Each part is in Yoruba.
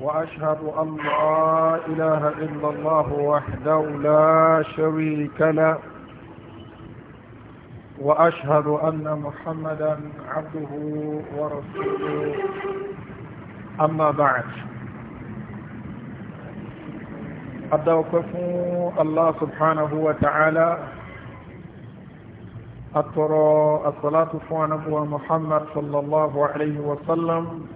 وأشهد أن لا إله إلا الله وحده لا شريك له وأشهد أن محمدا عبده ورسوله أما بعد أدوكف الله سبحانه وتعالى أترى الصلاة فوى محمد صلى الله عليه وسلم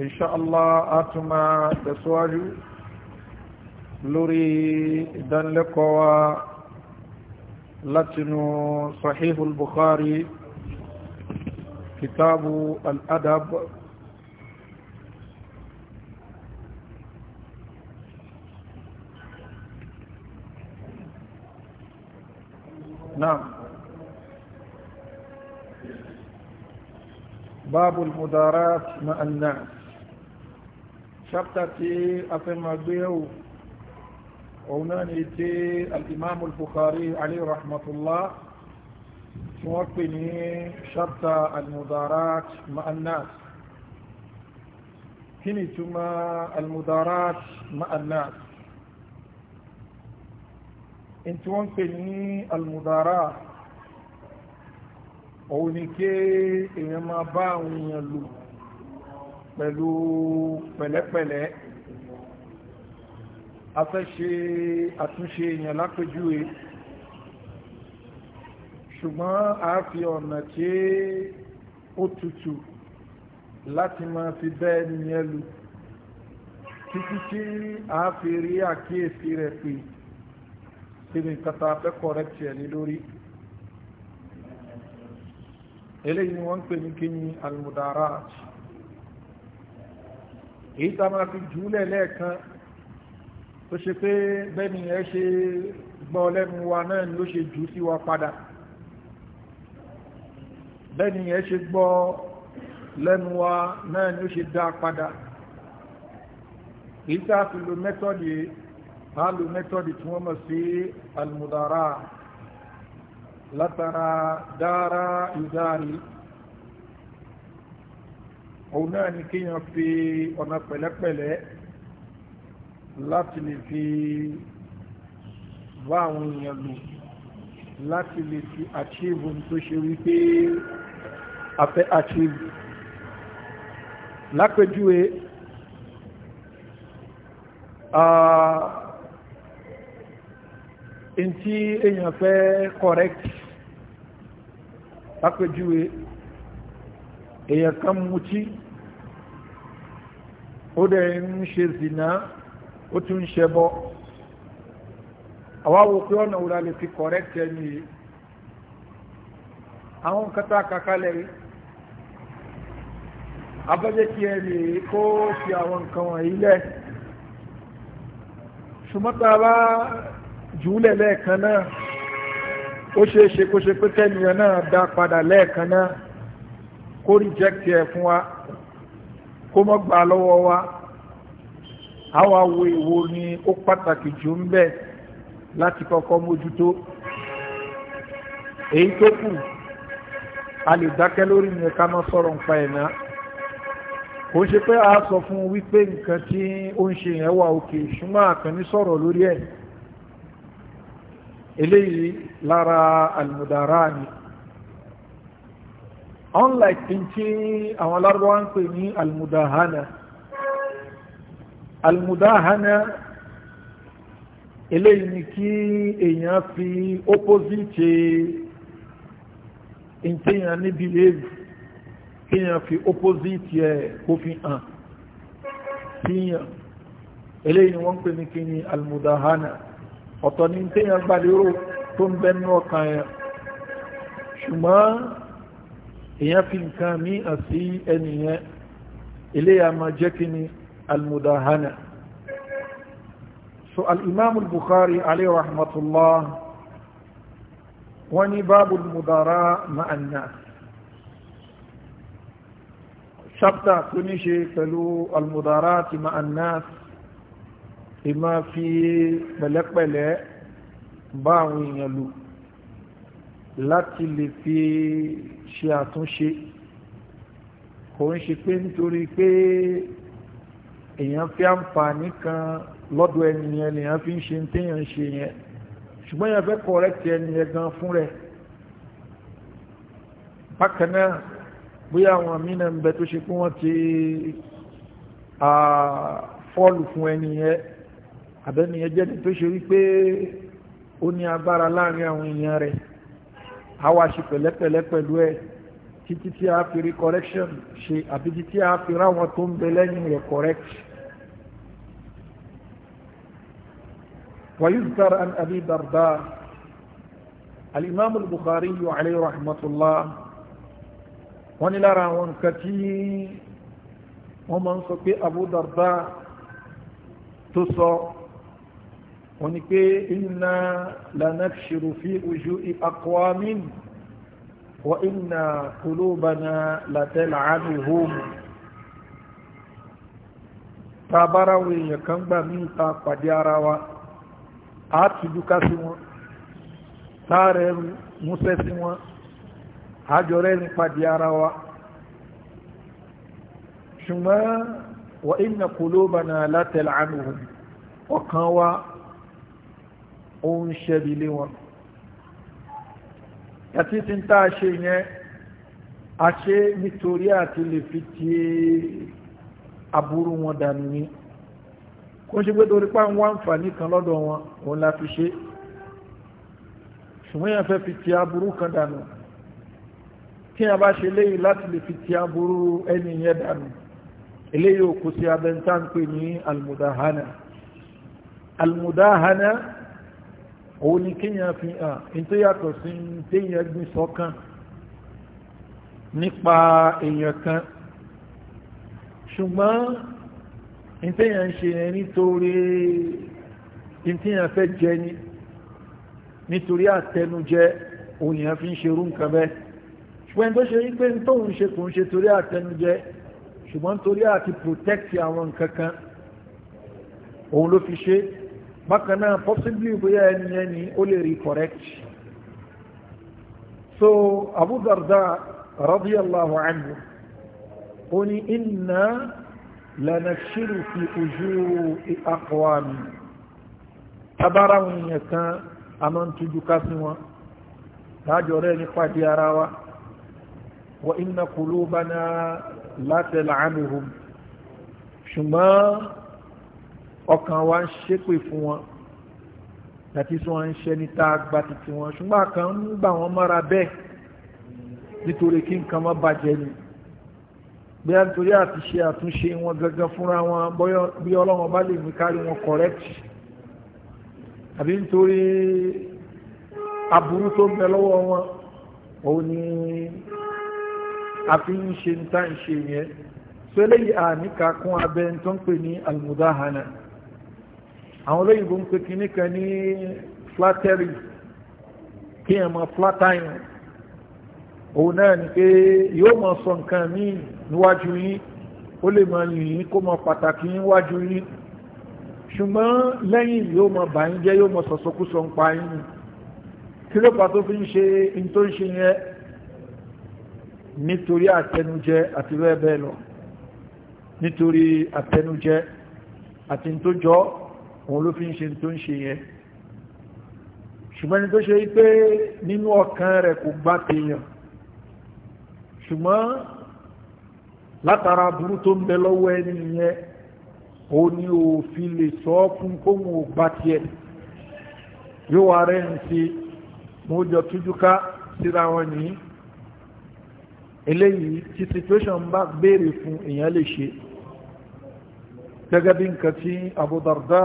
ان شاء الله اتما تسواجو لوري دان لكوا لاتنو صحيح البخاري كتاب الادب نعم باب المدارات مع الناس ṣáptà tí a fẹ́ máa gbé yẹ̀wò òun náà ni tí al-imam al-bukhari alayhi rahmatullah tí wọ́n pè ní ṣáptà al-mudarat ma'annas kí ni túmọ̀ al-mudarat ma'annas in tí wọ́n pè ní al-mudarat òun ni kí èèyàn máa bá àwọn èèyàn lò pẹ̀lú pẹ̀lẹ́pẹ̀lẹ́ a fẹ́ ṣe àtúnṣe èèyàn lápẹjúwe ṣùgbọ́n a fi ọ̀nà tí ó tutù láti máa fi bẹ́ẹ̀ ni ẹlù títí tí a fi rí àkíyèsí rẹ̀ pé síbi kata akẹ́kọ̀ọ́ rẹ̀ tiẹ̀ ní lórí eléyìí ni wọ́n ń pè ní kíni almudarat èyí tá máa fi jùúlẹ̀ lẹ́ẹ̀kan tó ṣe pé bẹ́ni ẹ ṣe gbọ́ lẹ́nu wa náà ni ó ṣe jù sí wa padà bẹ́ni ẹ ṣe gbọ́ lẹ́nu wa náà ni ṣe dá padà èyí tá fi lo mẹ́tọ́dì máa mẹ́tọ́dì tí wọ́n mọ̀ sí almudara látara dára yudari òun náà ni kíyàn fi ọ̀nà pẹ̀lẹ́pẹ̀lẹ́ láti lè fi bá àwọn èèyàn lò láti lè fi achieve tó ṣe wípé afẹ́ achieve lápẹjúwe in tí èèyàn fẹ́ correct lápẹjúwe èèyàn kan mutí ó dẹ̀ ń ṣe zìnà ó tún ń ṣẹbọ àwa wo pé ọ̀nà òra lè fi kọ̀rẹ́tì ẹni yìí àwọn nǹkan tá a kàkálẹ̀ yìí abọ́jẹ́ kí ẹ lè kó fi àwọn nǹkan wọ̀nyí lẹ̀ ṣùgbọ́n tá a bá jùúlẹ̀ lẹ́ẹ̀kan náà ó ṣe é ṣe kó ṣe pé kẹ́niyàn náà dá padà lẹ́ẹ̀kan náà kó rìjẹ́kì ẹ̀ fún wa kó mọ́ gbà lọ́wọ́ wa àwọn awo èwo ni ó pàtàkì jù ń bẹ láti kọ́kọ́ mójútó èyí tó kù a lè dákẹ́ lórí ní ká mọ́ sọ̀rọ̀ ń pa ẹ̀ná kò ṣe pé a sọ fún wípé nǹkan tí ó ń ṣe yẹn wà òkè ṣùgbọ́n àkànní sọ̀rọ̀ lórí ẹ̀ eléyìí lára àlùmọ̀dára ni unlike tí àwọn lárúbáwá ń pè ní almudahana almudahana eléyìí ni kí èèyàn fi opposite ìtẹ̀yàn e ní believe kí èèyàn fi opposite ẹ̀ e kó fi hàn síyàn eléyìí ni wọ́n pè ní kí ni almudahana ọ̀tọ̀ ní ìtẹ̀yàn gbàlérò tó ń bẹ́nu ọkàn ẹ̀ ṣùgbọ́n èyàn fi nǹkan mí àti ẹnìyàn eléyà máa jẹ́ kí ni almudahana so al'imamu bukhari alayhi rahmatullah wọ́n ní báàbù mudara ma'anna ṣáptà tó ní ṣe pẹ̀lú almudara ti ma'anna ìmá fi pẹ̀lẹ́pẹ̀lẹ́ bá àwọn èèyàn láti lè fi ṣe àtúnṣe kò ń ṣe pé nítorí pé èèyàn fi àǹfààní kan lọ́dọ̀ ẹni yẹn lèèyàn fi ń ṣe téèyàn ń ṣe yẹn ṣùgbọ́n yẹn fẹ́ kọ̀rẹ́tì ẹni yẹn gan fún rẹ̀ bákan náà bóyá àwọn mìíràn ń bẹ tó ṣe pé wọ́n ti fọ́ọ̀lù fún ẹni yẹn àbẹ́ni yẹn jẹ́ni tó ṣe wípé ó ní agbára láàrin àwọn èèyàn rẹ̀ àwa ṣe pẹ̀lẹ́pẹ̀lẹ́ pẹ̀lú ẹ̀ títí tí a fi rí correction ṣe àbí títí a fi ráwọn tó ń bẹ lẹ́yìn rẹ̀ correct. ويذكر عن أبي درداء الإمام البخاري عليه رحمة الله ونلا راون كتير ومن سقي أبو درداء تصو wọ́n ní pé inna lanakshiru fi wujuhi aqwamin wa inna qulubana latal'anuhum tabarawo èèyàn kan gbà mí ta pàdé ara wa a ti dúkà sí wọn táàrẹ̀ músẹ́ sí wọn àjọrẹ́ ní pàdé ara wa ṣùgbọ́n wa inna qulubana latal'anuhum ọkàn wa ó ń ṣẹ́bi lé wọn àti tí ń tá a ṣe yẹn a ṣe nítorí àti lè fi ti aburú wọn dànù ni kó ṣe pé torí pa ń wá àǹfààní kan lọ́dọ̀ wọn òun la fi ṣe ṣùgbọ́n yẹn fẹ́ fi ti aburú kan dànù kí a bá ṣe léyìn láti lè fi ti aburú ẹni yẹn dànù eléyìí òkú sí abẹ́ntánpé ní almudahana almudahana òun ni kíyàn fi hàn in tó yàtọ̀ sí téyàn gbìn sọ́kàn nípa èèyàn kan ṣùgbọ́n in téyàn ń ṣe yẹn nítorí in téyàn fẹ́ jẹ ni nítorí àtẹnujẹ òun yẹn fi ń ṣerú nǹkan bẹ́ẹ̀ ṣùgbọ́n tó ṣe wípé tóun ṣe kò ń ṣe torí àtẹnujẹ ṣùgbọ́n torí àti protect àwọn nǹkan kan òun ló fi ṣe é bákan náà possibly bóyá ẹni ẹni ó lè rí correct so Abu Darda radiyallahu anhu ó ní inna lanashiru fi ujuri aqwami tabara wọn yẹn kan a máa ń tuju ká sí wọn láàjọ rẹ̀ ní pàdé ara wa wa inna qulubana la tal'anuhum ṣùgbọ́n ọkàn wa ń ṣépè fún wọn àti tí wọ́n ń ṣe ní tá a gba títí wọn ṣùgbọ́n àkàn ń gbà wọ́n mọ́ra bẹ́ẹ̀ nítorí kí nǹkan má bàjẹ́ ni bí a nítorí àti ṣe àtúnṣe wọn gangan fúnra wọn bí ọlọ́wọ́n bá lè mú kárí wọn correct àbí nítorí aburú tó ń bẹ lọ́wọ́ wọn òun ni a fi ń ṣe ní ń ṣe yẹn sọ eléyìí àníkà kún abẹ́ tó ń pè ní almudahana àwọn olóyìnbó ń pe kinní kan ní flattery kí ẹ mọ flattery òun náà ni pé yóò mọ sọ nǹkan míì níwájú yín ó lè mọ yìnyín kó mọ pàtàkì yín wájú yín ṣùgbọ́n lẹ́yìn yóò mọ bàyín jẹ́ yóò mọ sọ̀sọ̀kúsọ ń pa yín kí ló pa fi ń ṣe in tó ń ṣe yẹn nítorí àtẹnujẹ àti bẹ́ẹ̀ bẹ́ẹ̀ lọ nítorí àtẹnujẹ àti tó jọ òun ló fi ń ṣe tó ń ṣe yẹn ṣùgbọ́n ni tó ṣe wípé nínú ọkàn rẹ̀ kò gbá tèèyàn ṣùgbọ́n látara burú tó ń bẹ lọ́wọ́ ẹni yẹn ó ní òfin lè sọ fún kóhun ò gbá tiẹ̀ yóò wá rẹ̀ ń sí mo jọ tújúká síra wọn nìyí eléyìí tí situation bá béèrè fún èèyàn lè ṣe gẹ́gẹ́ bí nǹkan tí Abu Darda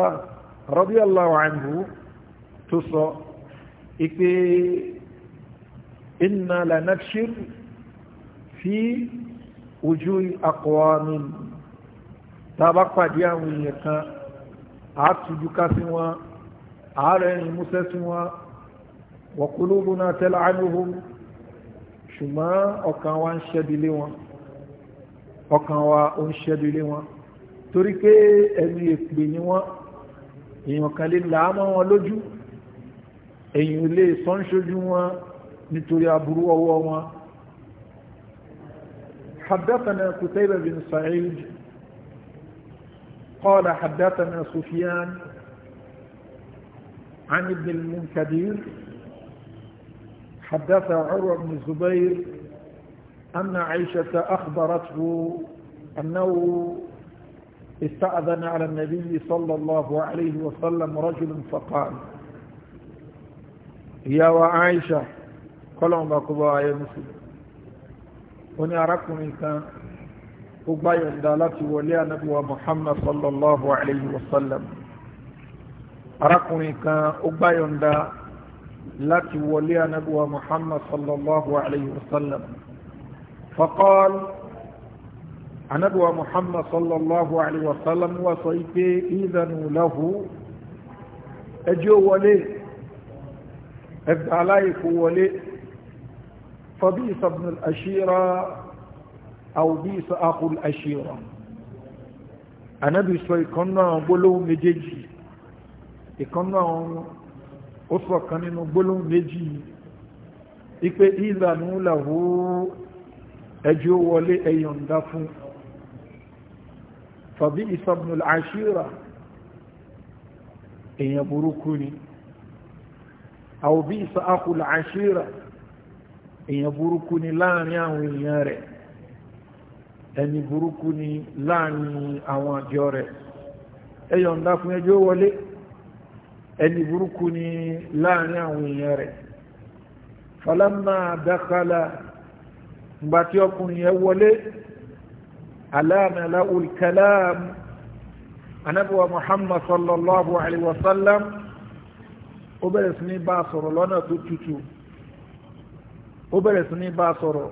radiyallahu anhu tó sọ ìpé inna lanabshir fi wujuhi aqwamin tàbá pàdé àwọn èèyàn kan àtújúká sí wọn ààrẹ ìmúsẹ́ sí wọn wa qulubuna tal'anuhum ṣùgbọ́n ọkàn wa ń ṣẹ́bílé wọn ọkàn wa ń ṣẹ́bílé wọn torí pé ẹni èpè ni wọ́n èèyàn kan lè láàmọ́ wọn lójú èèyàn lè sọ́nṣojú wọn nítorí aburú ọwọ́ wọn حدثنا قتيبة بن سعيد قال حدثنا سفيان عن ابن المنكدير حدث عروة بن الزبير أن عائشة أخبرته أنه استأذن على النبي صلى الله عليه وسلم رجل فقال يا وعائشة قالوا بقضاء يا مسلم هنا أراكم إن كان أبايا دالتي وليا نبوة محمد صلى الله عليه وسلم أراكم إن كان أبايا دالتي وليا نبوة محمد صلى الله عليه وسلم فقال anaduwa muhammad sallallahu alaihi wasallam wa sọ ipe idanu lahu ẹjọ́ wọlé ẹgbà aláìkú wọlé fabisa ibn al-ashira aw bisa akhu al-ashira anabi sọ ìkan náà gbólóhùn méjèèjì ìkan náà ó kan nínú gbólóhùn méjì ipe idanu lahu ẹjọ́ wọlé ẹ̀yọ̀ǹda fún fàbí ìsọ̀bùnù àṣírà èèyàn burúkú ni àwòbí ìsọ̀ àkùlù àṣírà èèyàn burúkú ni láàrin àwọn èèyàn rẹ̀ ẹni burúkú ni láàrin àwọn àjọ rẹ̀ ẹyọ̀ ǹdá fún ẹjọ́ wọlé ẹni burúkú ni láàrin àwọn èèyàn rẹ̀ falamma dakhala ìgbà ọkùnrin yẹ wọlé alana lahu alkalam anabuwa muhammad sallallahu alaihi wasallam ó bẹ̀rẹ̀ sí ní bá sọ̀rọ̀ lọ́nà tó tutù ó bẹ̀rẹ̀ sí ní bá sọ̀rọ̀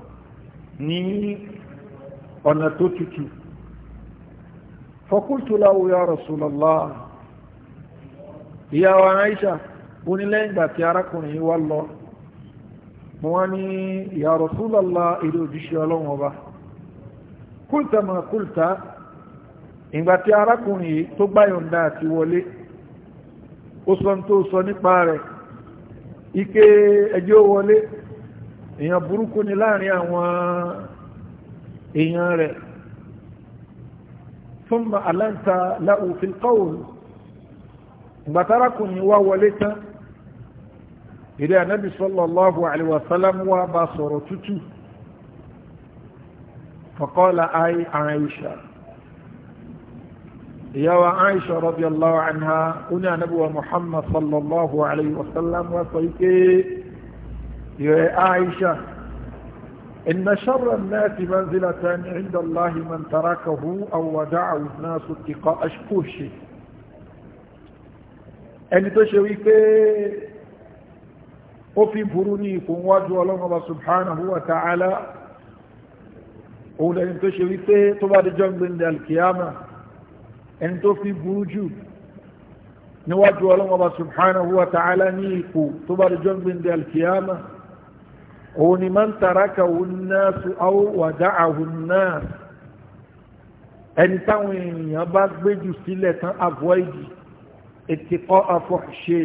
ní ọ̀nà tó tutù fakultu lahu ya rasulallah ìyá wa aisha ó lẹ́yìn ìgbà tí arákùnrin yìí wá lọ mo wá ní ya rasulallah èdè òjíṣẹ́ ọlọ́run ọba kúlta ma kúlta ìgbà tí arákùnrin yìí tó gbáyọ̀ndà àti wọlé ó sọ tó sọ nípa rẹ̀ ike ẹjọ́ wọlé èèyàn burúkú ni láàrin àwọn èèyàn rẹ̀ ثم ألنت له في القول بتركني وولتا إلى النبي صلى الله عليه وسلم وبصر تتو فقال أي عائشة يا عائشة رضي الله عنها هنا نبوة محمد صلى الله عليه وسلم وصيك يا عائشة إن شر الناس منزلة عند الله من تركه أو ودعه الناس اتقاء شكوشه ẹni tó ṣe wípé ó fi burú ní ìkùnwájú ọlọ́mọba subhanahu wa ta'ala òun lẹni tó ṣe wípé tó bá dé jọ́ngbìn ní alkiyama ẹni tó fi burú jù níwájú ọlọ́mọba subhanahu wa ta'ala ní ipò tó bá dé jọ́ngbìn ní alkiyama òun ni máa ń taraka òun náà su awó wàdá àhùn náà ẹni táwọn èèyàn bá gbé jù sílẹ̀ tán avoid ìtìkọ́ àfọ̀ṣe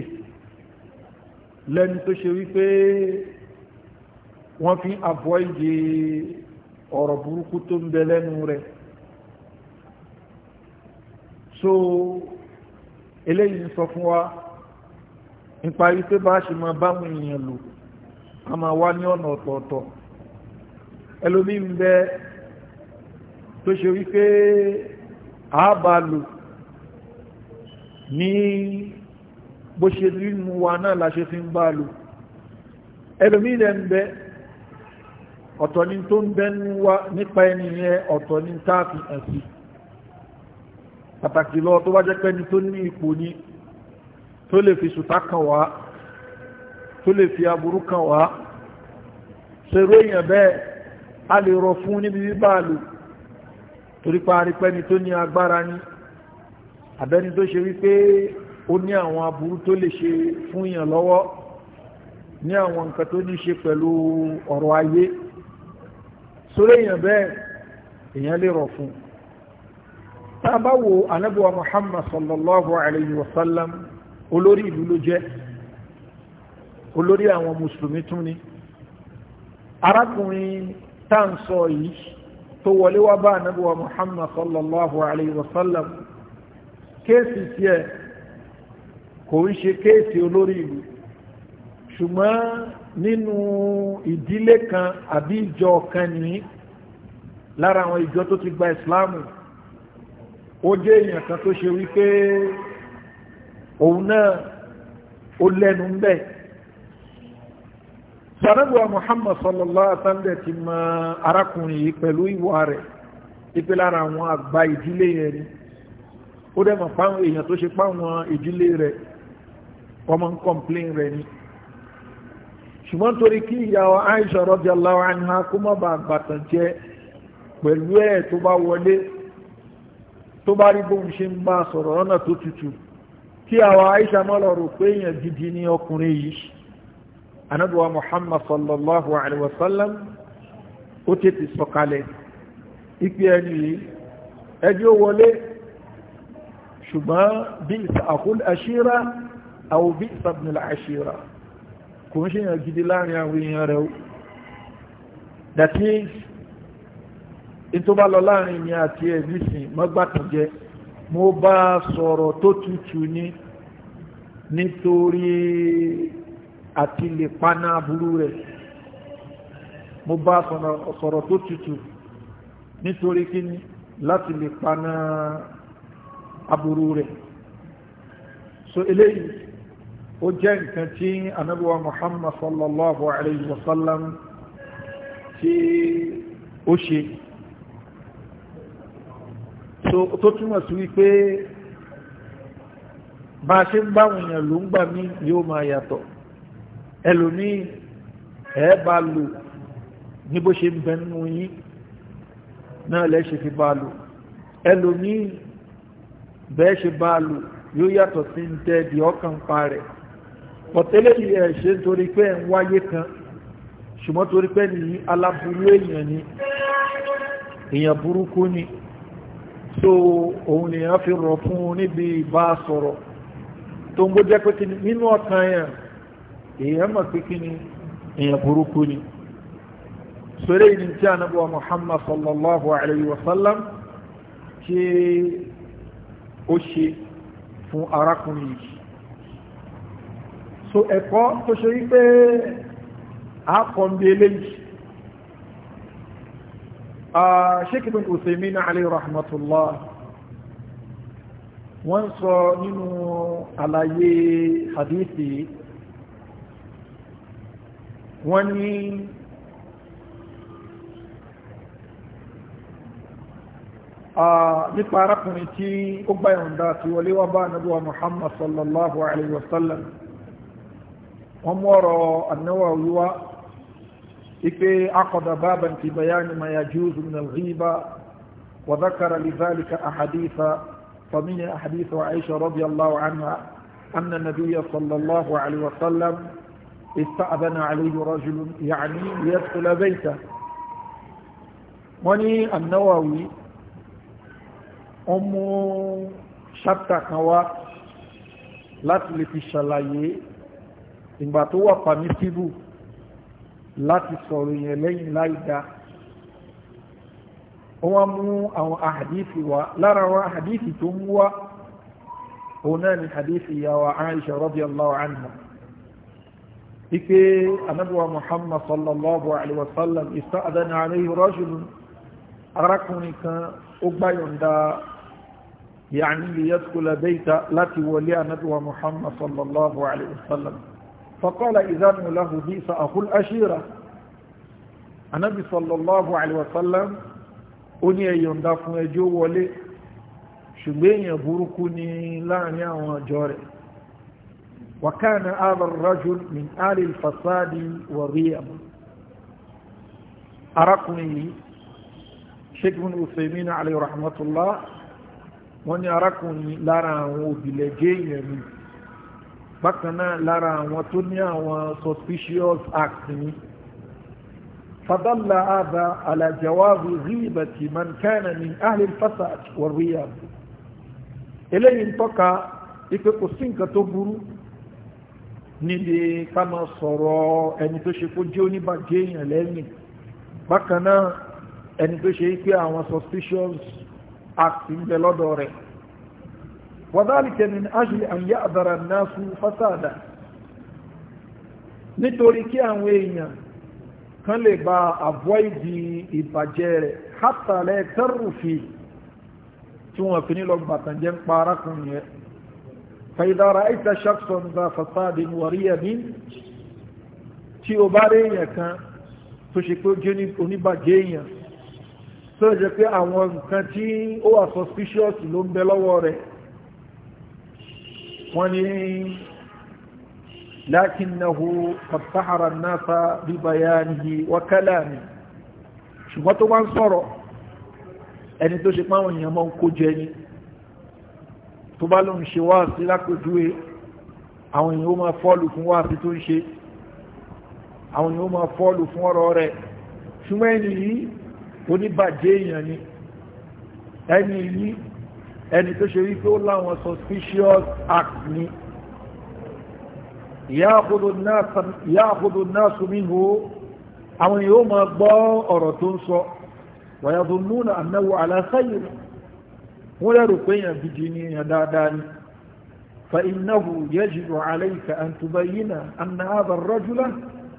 lẹ́ni tó ṣe wípé wọ́n fi avoid ọ̀rọ̀ burúkú tó ń bẹ lẹ́nu rẹ̀ so eléyìí ń sọ fún wa nípa wípé bá ṣe máa báwọn èèyàn lò a máa wá ní ọ̀nà ọ̀tọ̀ọ̀tọ̀ ẹlòmí ń bẹ tó ṣe wípé àábà lò ní bó ṣe nínú wa náà la fi ń bá lò ẹlòmí ń bẹ ọ̀tọ̀ ni tó ń bẹ nípa ẹni yẹn ọ̀tọ̀ ni tá a fi hàn sí pàtàkì lọ tó bá jẹ́ pẹ́ni tó ní ipò ni tó lè fi sùtá kan wá tó lè fi aburú kan wá ṣeré èèyàn bẹ́ẹ̀ a lè rọ fún níbi bíbá lò torí parí pẹ́ni tó ní agbára ni àbẹ́ni tó ṣe wípé ó ní àwọn aburú tó lè ṣe fún èèyàn lọ́wọ́ ní àwọn nǹkan tó ní ṣe pẹ̀lú ọ̀rọ̀ ayé sórí èèyàn bẹ́ẹ̀ èèyàn lè rọ̀ fún tá a bá wo anábíwa muhammad sallallahu alayhi wa sallam olórí ìlú ló jẹ́ olórí àwọn mùsùlùmí tún ni arákùnrin tá à ń sọ yìí tó wọlé wá bá anábíwa muhammad sallallahu alayhi wa sallam kéèsì tiẹ̀ kò ń ṣe kéèsì olórí ìlú ṣùgbọ́n nínú ìdílé kan àbí ìjọ kan ní lára àwọn ìjọ tó ti gba ìsìláàmù ó jẹ́ èèyàn kan tó ṣe wípé òun náà ó lẹ́nu ń bẹ̀ sàrẹ́bùwà Muhammad sallallahu alaihi wasallam ti mọ arákùnrin yìí pẹ̀lú ìwà rẹ̀ ipe lára àwọn àgbà ìdílé yẹn ni ó dẹ̀ mọ̀ fáwọn èèyàn tó ṣe páwọn ìdílé rẹ̀ wọ́n máa ń kọ́mplain rẹ̀ ni ṣùgbọ́n torí kí ìyàwó Aisha radiyallahu anha kó má bàa gbàtàn jẹ pẹ̀lú ẹ̀ tó bá wọlé tó bá rí bóun ṣe ń bá sọ̀rọ̀ lọ́nà tó tutù kí àwọn Aisha má lọ rò pé èèyàn gidi ní ọkùnrin yìí anaduwa Muhammad sallallahu alaihi wa ó tètè sọ̀kalẹ̀ ìpè ẹni yìí ẹjọ́ wọlé ṣùgbọ́n bí ìsàkúl àṣírà àwọn bí ìsàbùnil àṣírà kò ń ṣe èèyàn gidi láàrin àwọn èèyàn rẹ̀ o that means in tó bá lọ láàrin mi àti ẹ̀ nísìn mọ́gbàtànjẹ́ mo bá sọ̀rọ̀ tó tutù ní nítorí àti lè paná burú rẹ̀ mo bá sọ̀rọ̀ tó tutù nítorí kí láti lè paná aburú rẹ̀ so eléyìí ó jẹ́ nǹkan tí anábíwa muhammad sallallahu alayhi wa sallam tí ó ṣe tó túnmọ̀ sí wípé bá ṣe ń báwọn èèyàn ló ń gbà mí yóò máa yàtọ̀ ẹlòmí ẹ bá lò ní bó ṣe ń bẹ nínú yín náà lẹ́ ṣe fi bá lò ẹlòmí bẹ́ẹ̀ ṣe bá lò yóò yàtọ̀ sí ń tẹ́ di ọkàn pa rẹ̀ pọ̀tẹ́lẹ̀ yìí ẹ̀ ṣe nítorí pé ń wáyé kan ṣùgbọ́n torí pé ní aláburú èèyàn ni èèyàn burúkú ni so òun lèèyàn fi rọ̀ fún un níbi ìbá sọ̀rọ̀ tó ń gbó jẹ́ pé kí ni nínú ọ̀kan yẹn èèyàn mọ̀ pé ni èèyàn burúkú ni sọ̀rọ̀ yìí tí ànábì wa Muhammad sallallahu alayhi wa sallam tí ó ṣe fún arákùnrin yìí so ẹ̀kọ́ tó ṣe rí pé àkọ́m̀bí eléyìí Sheikh Ibn Uthaymeen alayhi rahmatullah wọ́n sọ nínú àlàyé hadithi wọ́n ní nípa arákùnrin tí ó gbáyàndá ti wọlé wá bá nàbíwa Muhammad sallallahu alayhi wasallam wọ́n mú ọ̀rọ̀ an-Nawawi wá ipe akọ̀dà baban fi bayani ma yajuzu min al-ghiba wa dhakara li dhalika ahaditha fa min ahadith Aisha radiyallahu anha anna nabiyya sallallahu alaihi wa sallam استأذن عليه رجل يعني ليدخل بيته wọ́n ní annáwàwí ọmọ ṣàtà kan wá láti lè fi ṣàlàyé ìgbà tó wà pàmísíbù láti sọ̀rọ̀ yẹn lẹ́yìn láìdá wọ́n mú àwọn àhàdífì wá lára àwọn àhàdífì tó mú wá òun náà ni àhàdífì yàwó Aisha radiyallahu anha ike anabuwa Muhammad sallallahu alaihi wasallam ista'adana alaihi rajulun arákùnrin kan ó gbáyọ̀ǹda yàní lè yẹ́sùkú labẹ́ta láti wọlé anabuwa Muhammad sallallahu alaihi wasallam فقال إذن له بي سأخو الأشيرة النبي صلى الله عليه وسلم أني يندف يجو ولي ṣùgbọ́n èèyàn burúkú ni láàrin àwọn ọjọ́ rẹ̀ wàkánà alọ́rọ̀rọ̀jùl min alil fasadi wà rí àmà arákùnrin yìí ṣégbùn òfèmínà alẹ́ rahmatullah wọ́n ni arákùnrin lára àwọn òbílẹ̀ jẹ́ èèyàn mìí bákan náà lára àwọn tó ní àwọn suspicious acts ni fadalla ada ala jawazi ghibati man kana min ahli al-fasad wa riyab eléyìí ń tọ́ka ipe kò sí nǹkan tó burú níbi ká máa sọ̀rọ̀ ẹni tó ṣe kó jẹ́ oníbàjẹ́ èèyàn lẹ́yìn bákan ẹni tó ṣe pé àwọn suspicious acts ń bẹ lọ́dọ̀ rẹ̀ وذلك من أجل أن يأذر الناس فسادا nítorí kí àwọn èèyàn kan lè ba àbọ̀ìdì ìbàjẹ́ rẹ̀ hátàlẹ̀ tẹ́rùfì tí wọ́n fi nílọ gbàtànjẹ́ ń pa arákùnrin rẹ̀ fàìdára àìta ṣàkṣọ́n za fasadi wàríyàmí tí ó bá rí èèyàn kan tó ṣe pé ó jẹ́ oníbàjẹ́ èèyàn tó jẹ́ pé àwọn nǹkan tí ó wà suspicious ló ń bẹ lọ́wọ́ rẹ̀ wọ́n ní lákínnahu fàtàhàrà náà bíbayánihi wákálàmì ṣùgbọ́n tó bá ń sọ̀rọ̀ ẹni tó ṣe páwọn èèyàn mọ́ ń kó jẹ ni tó bá lóun ṣe wá sí lápèjúwe àwọn èèyàn ó máa fọ́ọ̀lù fún wá sí tó ń ṣe àwọn èèyàn ó máa fọ́ọ̀lù fún ọ̀rọ̀ rẹ̀ ṣùgbọ́n ẹni yìí oníbàjẹ́ èèyàn ni ẹni yìí ẹni tó ṣe wípé ó láwọn suspicious act ni ya'khudhu an-nasu minhu àwọn yóò máa gbọ́ ọ̀rọ̀ tó ń sọ wa yadhunnuna annahu ala khayr wọ́n lẹ́rù pé èèyàn gidi ni èèyàn dáadáa ni fa innahu yajibu alayka an tubayyina anna hadha ar-rajula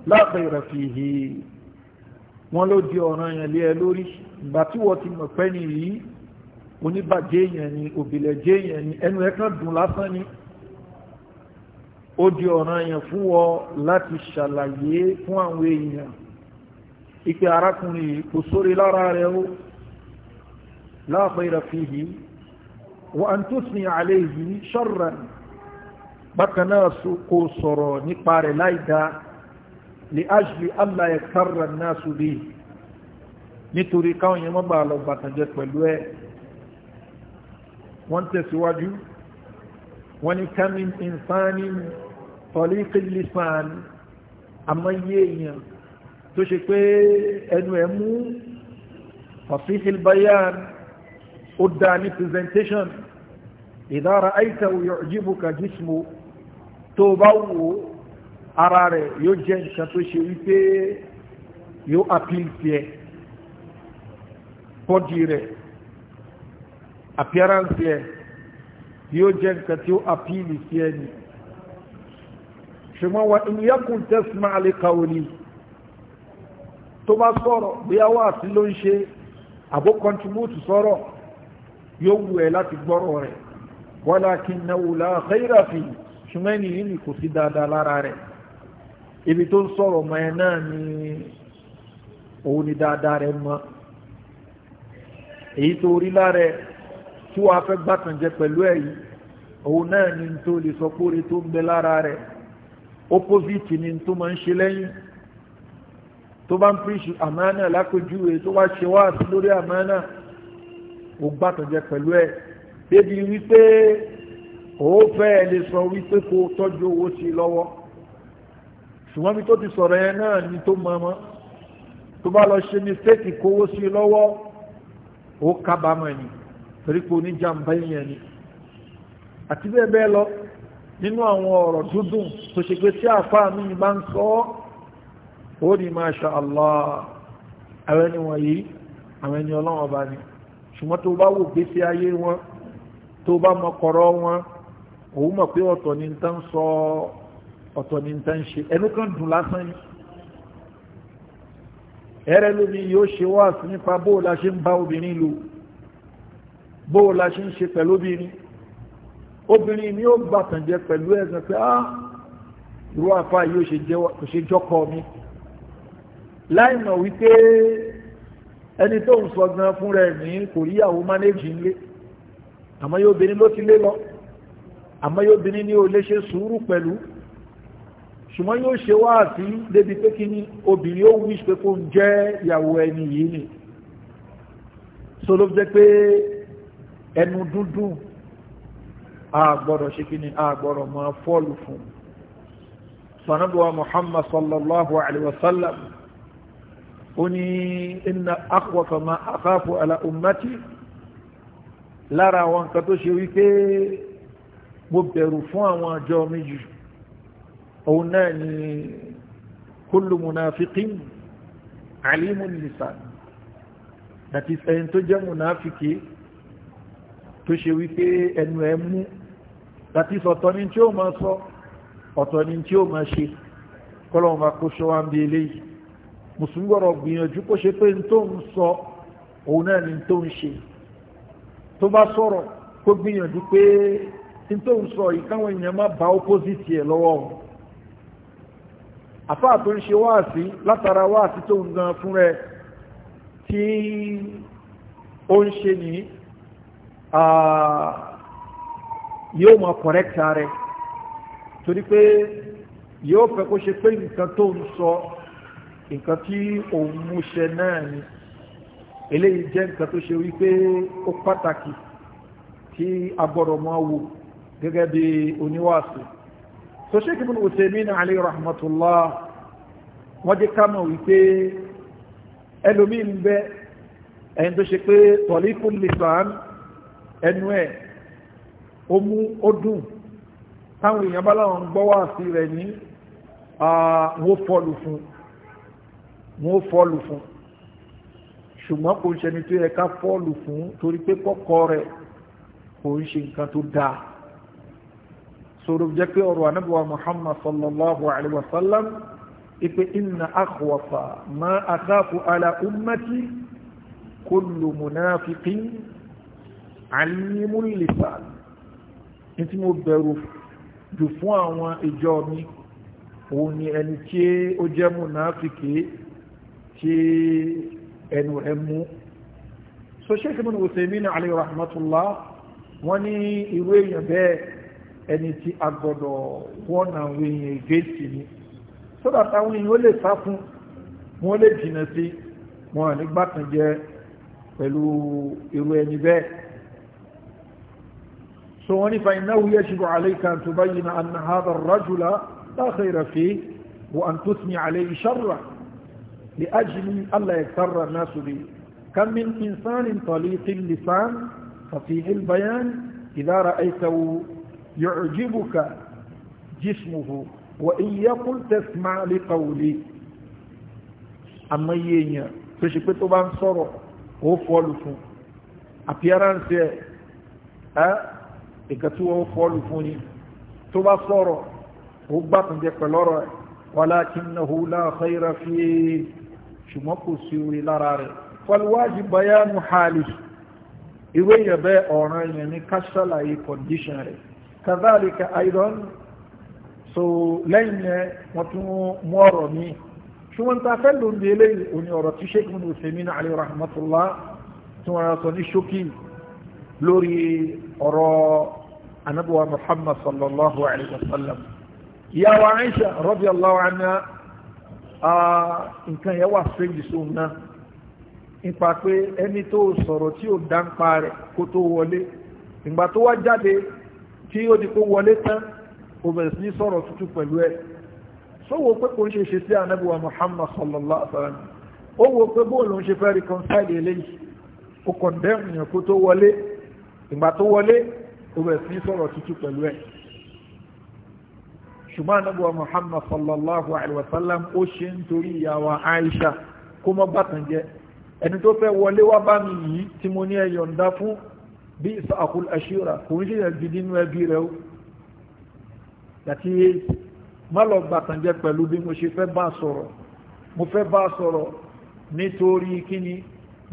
la khayra fihi wọ́n ló di ọ̀ràn yẹn lé ẹ lórí ìgbà tí wọ́n ti mọ̀ pẹ́ nìyí oníbàjẹ́ èèyàn ni òbílẹ̀jẹ́ èèyàn ni ẹnu ẹ̀ kan dùn lásán ni ó di ọ̀ràn èèyàn fún ọ láti ṣàlàyé fún àwọn èèyàn ipe arákùnrin kò sóre lára rẹ̀ ó láàpẹ́ ìrọ̀fihì wọ́n à ń tó sin àlẹ́ yìí ṣọ́rọ̀ bákan náà kò sọ̀rọ̀ nípa rẹ̀ láìda lè áṣìlì aláyẹ̀ náà sórí nítorí káwọn yẹn mọ́ bá lọ bàtàjẹ́ pẹ̀lú ẹ̀ wọ́n tẹ̀síwájú wọ́n ní kamin insani tọ̀líkìl lisan amáyé èèyàn tó ṣe pé ẹnu ẹ̀ mú ó dá ní presentation ìdára àìtàwò yu'jibuka jismu tó bá wò ara rẹ̀ yóò jẹ́ nǹkan tó ṣe wípé yóò appeal sí ẹ bọ́dì rẹ̀ appearance yẹ yóò jẹ́ nǹkan tí ó appeal sí ẹ ni ṣùgbọ́n wa in yakun tasma' li qawli tó bá sọ̀rọ̀ bóyá wà sí ló ń ṣe àbó contribute sọ̀rọ̀ yóò wù ẹ́ láti gbọ́rọ̀ rẹ̀ walakinnahu la khayra fi ṣùgbọ́n ẹni yìí kò sí dáadáa lára rẹ̀ ibi tó ń sọ̀rọ̀ mọ́ ẹ náà ni òun ni dáadáa rẹ̀ mọ́ èyí tó rí lára rẹ̀ tí wàá fẹ́ gbàtànjẹ pẹ̀lú ẹ̀ yìí òun náà ni tó lè sọ póre tó ń bẹ lára rẹ̀ opposite ni tó máa ń ṣe lẹ́yìn tó bá ń píríṣì àmánà lákòjúwe tó wá ṣe wá sí lórí àmánà ó gbàtànjẹ pẹ̀lú ẹ̀ débi wípé ó fẹ́ lè sọ wípé kó tọ́jú owó sí lọ́wọ́ ṣùgbọ́n bí tó ti sọ̀rọ̀ yẹn náà ni tó mọ̀ mọ́ tó bá lọ ṣe mistake kówó sí lọ́wọ́ ó kábàámọ̀ ni torípo oníjàmbá èèyàn ni àti bẹ́ẹ̀ bẹ́ẹ̀ lọ nínú àwọn ọ̀rọ̀ dúdùn tó ṣe pé tí àfáà mi bá ń sọ ó ní masha Allah àwọn ẹni wọ̀nyí àwọn ẹni ọlọ́run ọba ni ṣùgbọ́n tó bá wò gbésí ayé wọn tó bá mọ kọ̀rọ̀ wọn òun mọ̀ pé ọ̀tọ̀ ni ń tán sọ ọ̀tọ̀ ni ń tán ṣe ẹnu kan dùn lásán ni ẹ̀rẹ́ lómi yóò ṣe wá sí nípa bóòlà ṣe ń bá obìnrin lò bóò la ṣe ń ṣe pẹ̀lú obìnrin obìnrin ni ó bàtàn jẹ pẹ̀lú ẹ̀sìn pé á ìwọ àfa yìí ó ṣe jọ́kọ mi láì mọ̀ wípé ẹni tó ń sọ gan fún rẹ̀ ní kò ríyàwó mánéjì ńlé àmọ́ yóò obìnrin ló ti lé lọ àmọ́ yóò obìnrin ní ó lè ṣe sùúrù pẹ̀lú ṣùgbọ́n yóò ṣe wá àti débi pé kí ni obìnrin ó wíṣ pé kó ń jẹ́ ìyàwó ẹni yìí ni so ló jẹ́ pé ẹnu dúndún àgbọ̀rọ̀ ṣe kí ni àgbọ̀rọ̀ máa fọ́ọ̀lù fún sanabuwa muhammad sallallahu alaihi wasallam ó ní inna akhwafa ma akhafu ala ummati lára àwọn nǹkan tó ṣe wípé mo bẹ̀rù fún àwọn àjọ mi òun náà ni kullu munafiqin alimun lisan that is ẹni tó jẹ́ munafiki tó ṣe wípé ẹnu ẹ mú láti sọ̀tọ̀ ní tí ó máa sọ ọ̀tọ̀ ní tí ó máa ṣe kọ́lọ̀wọ́n bá kó ṣọ́wá ń bí eléyìí mùsùlùmí gbọ́dọ̀ gbìyànjú kó ṣe pé tó ń sọ òun náà ni tó ń ṣe tó bá sọ̀rọ̀ kó gbìyànjú pé tó ń sọ yìí èèyàn má bá opposite ẹ̀ lọ́wọ́ wọn tó ń ṣe wáàsí látara wáàsí tó ń gan fún rẹ tí ó ń ṣe nìyí yóò máa correct rẹ̀ torí pé yóò fẹ́ kó ṣe pé nǹkan tó ń sọ nǹkan tí òun mú ṣe náà ni eléyìí jẹ́ nǹkan tó ṣe wípé ó pàtàkì tí agbọ́dọ̀ máa wò gẹ́gẹ́ bí oníwàásù so ṣe kí mún rahmatullah ẹlòmí ń bẹ ẹni tó ṣe pé ẹnu ẹ̀ ó mú ó dùn táwọn èèyàn bá láwọn gbọ́wà sí rẹ̀ ní wọ́n fọ́lù fún wọ́n fọ́lù fún ṣùgbọ́n kò ń ṣe ní tó yẹ ká fọ́lù fún torí pé kọ́kọ́ rẹ̀ kò ń ṣe nǹkan tó dáa sọ̀rọ̀ jẹ́ pé ọ̀rọ̀ anábíwá muhammad sallallahu alaihi wasallam ipe inna akhwafa ma akhafu ala ummati kullu munafiqin alimul lisan ní tí mo bẹ̀rù jù fún àwọn ìjọ mi òun ni ẹni tí ó jẹ́ mùnáfìkì tí ẹnu rẹ̀ mú so Sheikh Ibn Uthaymeen alayhi rahmatullah wọ́n ní irú èèyàn bẹ́ẹ̀ ẹni tí a gbọ́dọ̀ wọ́n àwọn èèyàn ìgbésì ni so that àwọn èèyàn ó lè sá fún wọ́n lè jìnà sí wọn nígbàtàn jẹ pẹ̀lú irú ẹni bẹ́ẹ̀ سواني فإنه يجب عليك أن تبين أن هذا الرجل لا خير فيه وأن تثني عليه شرا لأجل أن لا يكتر الناس به كم من إنسان طليق اللسان فصيح البيان إذا رأيته يعجبك جسمه وإن يقل تسمع لقولي أما يين فشكت بان صرو هو فولفو appearance nǹkan tí wọ́n fọ́ọ̀lù fún ni tó bá sọ̀rọ̀ ó gbàtúnjẹ pẹ̀lú ọ̀rọ̀ ẹ̀ walakinahu la khayra fi ṣùgbọ́n kò sí orí lára rẹ̀ falwaji bayanu hali ìwé yẹn bẹ́ẹ̀ ọ̀ràn yẹn ní káṣálàyé condition rẹ̀ kadhalika aidan so lẹ́yìn yẹn wọ́n tún mú ọ̀rọ̀ míì ṣùgbọ́n ta fẹ́ lóun di òní ọ̀rọ̀ tí sheikh mun usaimin alayhi rahmatullah tí wọ́n sọ ní ṣókì lórí ọ̀rọ̀ anábọ̀wá muhammad sallallahu alayhi wa sallam ìyá wa aisha radiyallahu anha nǹkan yẹn wà strange sóun náà nípa pé ẹni tó sọ̀rọ̀ tí ó dá ń pa rẹ̀ kó tó wọlé ìgbà tó wá jáde tí ó di kó wọlé tán ó bẹ̀rẹ̀ sí ní sọ̀rọ̀ tútù pẹ̀lú ẹ̀ sọ́wọ́ pé kò ń ṣe ṣe sí muhammad sallallahu alaihi wasallam ó wo pé bóòlù ń ṣe fẹ́ reconcile eléyìí ó condemn yẹn kó tó ìgbà tó wọlé ó bẹ̀ sí sọ̀rọ̀ tútù pẹ̀lú ẹ̀ ṣùgbọ́n anábọ̀ muhammad sallallahu alaihi wasallam ó ṣe ń torí ìyàwó aisha kó mọ́ bàtàn jẹ́ ẹni tó fẹ́ wọlé wá bá mi yìí tí mo ní ẹ̀yọ̀ǹda fún bí ìsàkùl àṣírà kò ń ṣe yẹn gidi nínú ẹbí rẹ̀ ó yàtí má lọ bàtàn jẹ́ pẹ̀lú bí mo ṣe fẹ́ bá sọ̀rọ̀ mo fẹ́ bá sọ̀rọ̀ nítorí kíni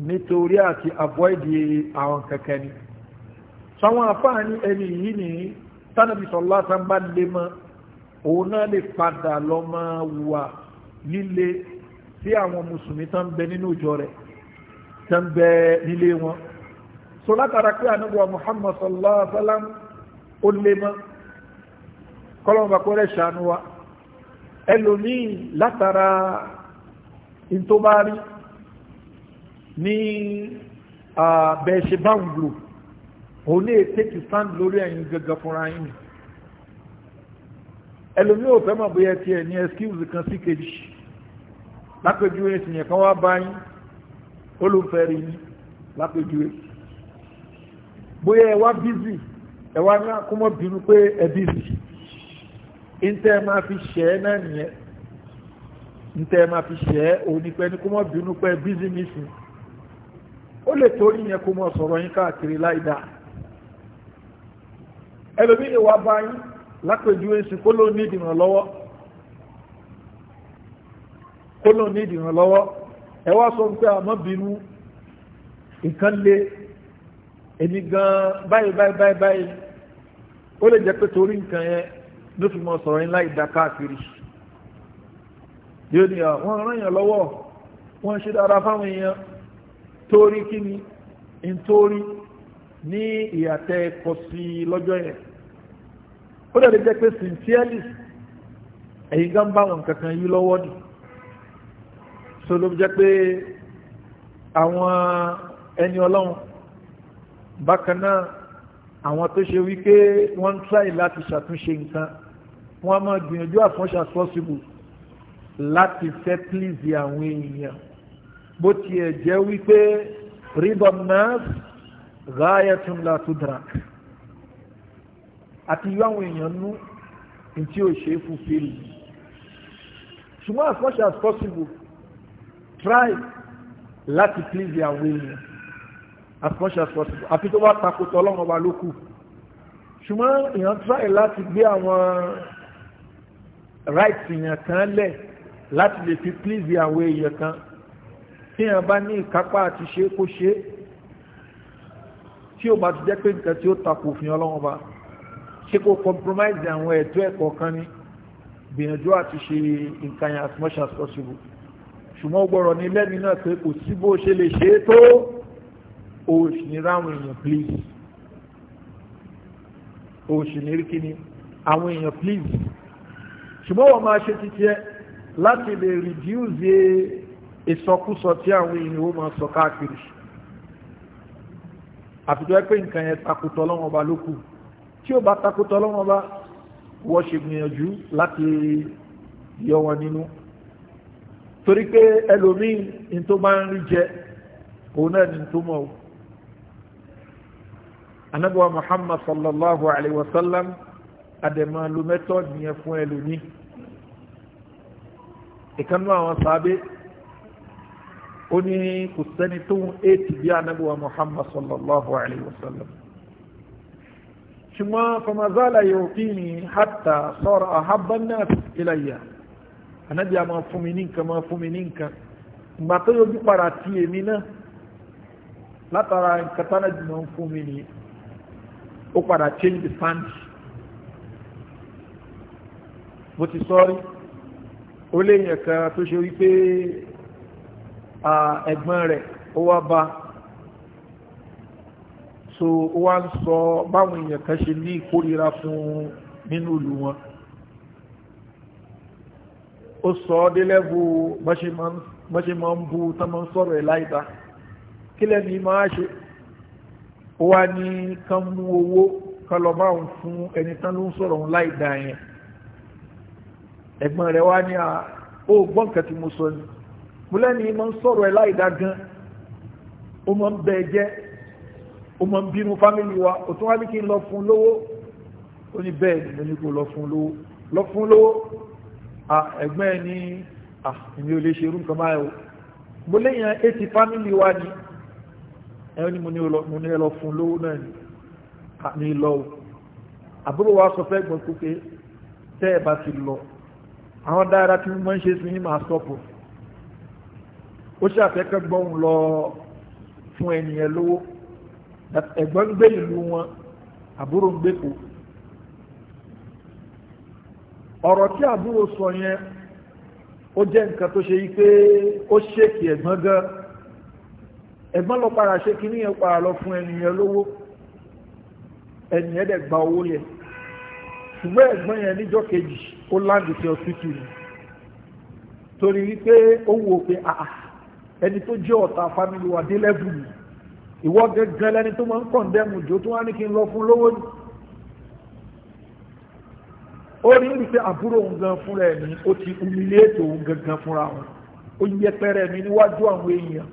nítorí àti avoid àwọn kẹ̀kẹ́ ni sáwọn afáà ní ẹni yìí ní tánàbí sọlá sábà lè mọ òun náà lè padà lọ máa wà líle sí àwọn mùsùlùmí tán bẹ nínú ìjọ rẹ̀ tán bẹ nílé wọn so látara pé ànábọ̀ muhammad sallallahu alaihi wasallam ó lè mọ́ kọ́lọ̀mọ̀bà kó rẹ̀ ṣàánú wa ẹlòmí látara ìntóbárí ní àbẹ̀ṣe báńgbò òun lè tètè stand lórí ẹ̀yin gẹ́gẹ́ fúnra yín ẹlòmí ò fẹ́ mọ̀ bóyá tiẹ̀ ní excuse kan sí kejì lápẹjúwe ìsìnyẹ̀ kan wá bá yín olùfẹ́ rí yín lápẹjúwe bóyá ẹ wá bízì ẹ wá ní akúmọ̀ bínú pé ẹ bízì ntẹ́ ẹ máa fi ṣẹ́ ẹ náà nìyẹn ntẹ́ ẹ máa fi ṣẹ́ ẹ òun ní pẹ́ kúmọ̀ bínú pé ẹ bízì nísìn ó lè torí yẹn kó sọ̀rọ̀ yín káàkiri láìdáa ẹlòmí lè wá bá yín lápèjúwe sí kó ló ní ìdìrànlọ́wọ́ kó ló ní ìdìrànlọ́wọ́ ẹ wá sọ pé àmọ́ bínú nǹkan lé èmi gan báyìí báyìí báyìí báyìí ó lè jẹ́ pé torí nǹkan yẹn ló fi mọ sọ̀rọ̀ yín láì dá káàkiri yóò ní àwọn ràn yàn lọ́wọ́ wọ́n ṣe dára fáwọn èèyàn torí kí ni nítorí ní ìyàtẹ̀ kọ sí lọ́jọ́ yẹn ó dẹ̀ lè jẹ́ pé sincerely ẹ̀yin gan bá wọn kankan yí lọ́wọ́ ni so ló jẹ́ pé àwọn ẹni ọlọ́run bákan náà àwọn tó ṣe wípé wọ́n ń try láti ṣàtúnṣe nǹkan wọ́n máa gbìyànjú àfọ́nṣe possible láti fẹ́ please àwọn èèyàn bó tiẹ̀ jẹ́ wípé ridom nurse gáyẹ̀tún látúdra àti yọ àwọn èèyàn nú tí ó ṣe é fún fèrè ṣùgbọ́n as much as possible try láti please àwọn èèyàn as much as possible àfi tó bá takòtò ọlọ́run ọba ló ṣùgbọ́n èèyàn try láti gbé àwọn rights èèyàn kan lẹ̀ láti lè fi please àwọn èèyàn kan tí èèyàn bá ní ìkápá àti ṣe kó ṣe é tí ó bá ti jẹ́ pé nǹkan tí ó takò òfin ọlọ́run ọba ṣé kó compromise àwọn ẹ̀tọ́ ẹ̀kọ́ kan ní gbìyànjú àti ṣe nǹkan yẹn as much as possible ṣùgbọ́n ó gbọ́rọ̀ ní lẹ́mìí náà pé kò sí bó ṣe lè ṣe é tó òṣìnira àwọn èèyàn please òṣìnira kí ni àwọn èèyàn please ṣùgbọ́n wọ́n máa ṣe títí ẹ láti lè reduce ìsọkúsọ tí àwọn èèyàn ó máa sọ káàkiri ṣe àfitọ́ pé nǹkan yẹn takùtọ̀ lọ́wọ́ ọba ló kù tí ó bá takùtọ̀ lọ́wọ́ ọba wọ́n ṣe gbìyànjú láti yọ wọn nínú torí pé ẹlòmíì ní tó máa ń rí jẹ òun náà ní tó mọ̀ anabiwa muhammad sallallahu alaihi wasallam adẹ̀mọ́ lo mẹ́tọ́ọ̀dù yẹn fún ẹlòmíì ìkànnú àwọn sábẹ́ ó ní kò sẹ́ni tó ń éètì bí anábíwá muhammad sallallahu alayhi wa sallam ṣùgbọ́n famazala yóò kí ni hàtà sọ̀rọ̀ àhábọ́n náà ilayya anábí a máa fún mi ní nǹkan máa fún mi ní nǹkan ìgbà tó yóò bí para èmi náà látara nǹkan tánà jùlọ ń fún ní ó padà change the stand mo ti sọ́rí ó léyìn ẹ̀ka tó ṣe wípé ẹ̀gbọ́n rẹ̀ ó wá bá so ó wá ń sọ báwọn èèyàn kan ṣe ní ìkórira fún nínú ìlú wọn ó sọ ọ́ délẹ́bù bọ́ṣe máa ń bú tán máa ń sọ̀rọ̀ ẹ̀ láìda kí lẹ́ni máa ṣe ó wá ní kán mú owó kán lọ bá òun fún ẹni tán ló ń sọ̀rọ̀ òun láìda yẹn ẹ̀gbọ́n rẹ̀ wá ní à ó gbọ́n kan mo sọ ni múlẹ́ni mọ́ ń sọ̀rọ̀ ẹ̀ láìdá gan ó mọ́ ń bẹ jẹ́ ó mọ́ ń bínú fámílì wa ó tún wá ní kí n lọ fún lówó ó ní bẹ́ẹ̀ ni mo ní kó lọ fún lówó lọ fún lówó ẹ̀gbọ́n ẹ̀ ní àmì ò lè ṣe irú nǹkan báyìí o mo léyàn eighty fámílì wa ni ẹ̀ ní mo ní lọ fún lówó náà ni ní lọ o àbúrò wa sọ fẹ́ gbọ́n kókè tẹ́ ẹ̀ bá ti lọ àwọn dáadáa tí mo máa ń ṣe sí ní màá sọ̀pọ̀ ó ṣàfẹ́kẹ́ gbọ́hùn lọ fún ẹnìyẹn lówó ẹ̀gbọ́n ń gbé ìlú wọn àbúrò ń gbé kò ọ̀rọ̀ tí àbúrò sọ yẹn ó jẹ́ nǹkan tó ṣe yí pé ó ṣèkì ẹ̀gbọ́n gan ẹ̀gbọ́n lọ para ṣe kí níyẹn para lọ fún ẹnìyẹn lówó ẹnìyẹn dẹ̀ gba owó yẹn ṣùgbọ́n ẹ̀gbọ́n yẹn níjọ́ kejì ó láǹdì sí ọsítù ni torí wípé ó wò pé àà ẹni tó jẹ́ ọ̀tá fámìlì wa dé lẹ́bù mi ìwọ gẹ́gẹ́ lẹ́ni tó máa ń kọ̀ǹdẹ́mù jò tó wá ní kí n lọ fún lówó ni ó rí ní pé àbúrò òun gan fúnra ẹ̀ ní ó ti humiliate òun gangan fúnra wọn ó yẹpẹrẹ mi níwájú àwọn èèyàn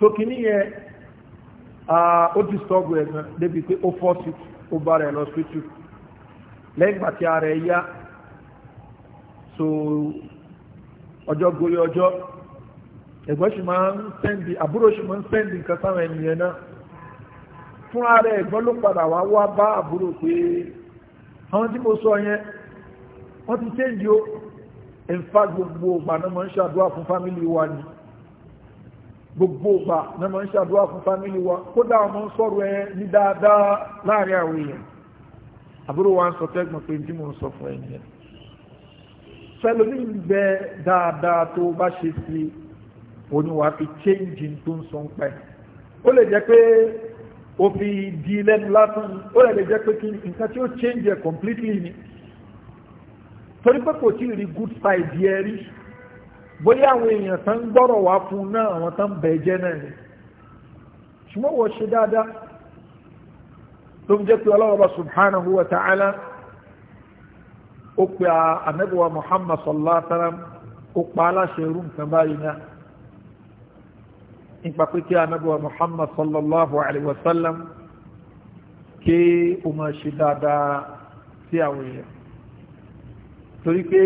sókè níyẹn ó ti sọ́ọ̀bù ẹ̀ gan débi pé ó fọ́ sí ó bá rẹ̀ lọ sí tù lẹ́yìn ìgbà tí ara ẹ̀ yá so ọjọ́ gorí ọjọ́ ẹ̀gbọ́n sì máa ń sẹ́ndì àbúrò sì máa ń sẹ́ndì nǹkan sáwọn ènìyàn náà fún ara ẹ̀gbọ́n ló padà wá wá bá àbúrò pé àwọn tí mo sọ yẹn wọ́n ti change o in fact gbogbo ìgbà náà máa ń ṣàdúrà fún fámìlì wa ni gbogbo ìgbà náà máa ń ṣàdúrà fún fámìlì wa kódà àwọn ń sọ̀rọ̀ ẹ ní dáadáa láàrin àwọn èèyàn àbúrò wa ń sọ tẹ́gbọ̀n pé tí mo sọ fún ẹ̀yìn yẹn fẹ́lómi ń bẹ dáadáa tó bá ṣe sí i oníwà fi change tó ń sọ ń pẹ́ ó lè jẹ́ pé ó fi di lẹ́nu lásán ó lè jẹ́ pé kí nǹkan tí ó change ẹ̀ completely ni torí pé kò tí ì rí good side yẹ rí bóyá àwọn èèyàn tán gbọ́rọ̀ wá fún náà àwọn tán bẹ̀ jẹ́ náà ni ṣùgbọ́n wọ́n ṣe dáadáa tó ń jẹ́ pé ọlọ́wọ́ba subhanahu wa ta'ala ó pe ànábì muhammad sallallahu alaihi wa sallam ó pa aláṣẹ irú nǹkan báyìí náà nípa pé kí anábọ̀ Muhammad sallallahu alaihi wasallam kí o máa ṣe dáadáa sí àwọn èèyàn torí pé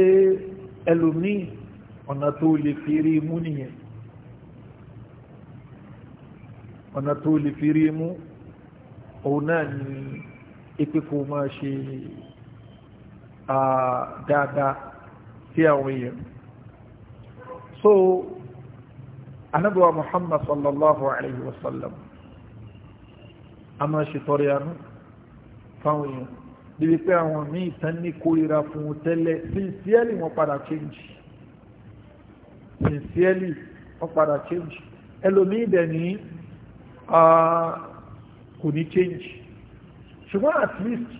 ẹlòmí ọ̀nà tó lè fi rí mú so anabiwa muhammad sallallahu alayhi wa sallam a máa ṣe tọrẹ àánú fáwọn èèyàn níbi pé àwọn míì tán ní kórìíra fún un tẹ́lẹ̀ sincerely wọ́n padà change sincerely wọ́n padà change ẹlòmíì dẹ̀ ní kò ní change ṣùgbọ́n at least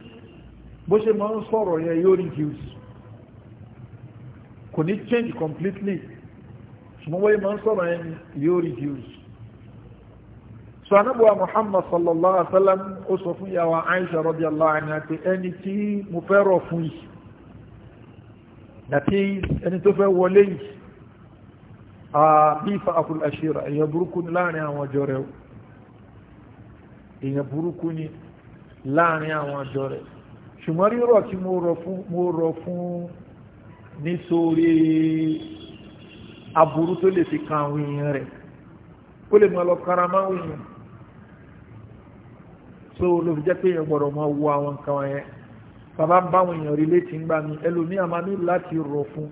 bó ṣe máa ń sọ̀rọ̀ yẹn yóò reduce kò ní change completely ṣùgbọ́n wọ́n yìí máa ń sọ̀rọ̀ yẹn yóò reduce so anabuwa muhammad sallallahu alaihi wasallam ó sọ fún yàwó aisha radiyallahu anha pé ẹni tí mo fẹ́ rọ̀ fún yìí àti ẹni tó fẹ́ wọlé yìí bí fa akul ashira èèyàn burúkú ni láàrin àwọn ọjọ́ rẹ̀ èèyàn burúkú ni tí mo rọ̀ fún ní sórí aburú tó lè fi kan àwọn èèyàn rẹ̀ kó lè máa lọ karama àwọn èèyàn so ló fi jẹ́ pé èèyàn gbọ́dọ̀ máa wo àwọn nǹkan wọn yẹn bàbá ń báwọn èèyàn rí létí ń gbà mí ẹlòmíà máa ní láti rọ̀ fún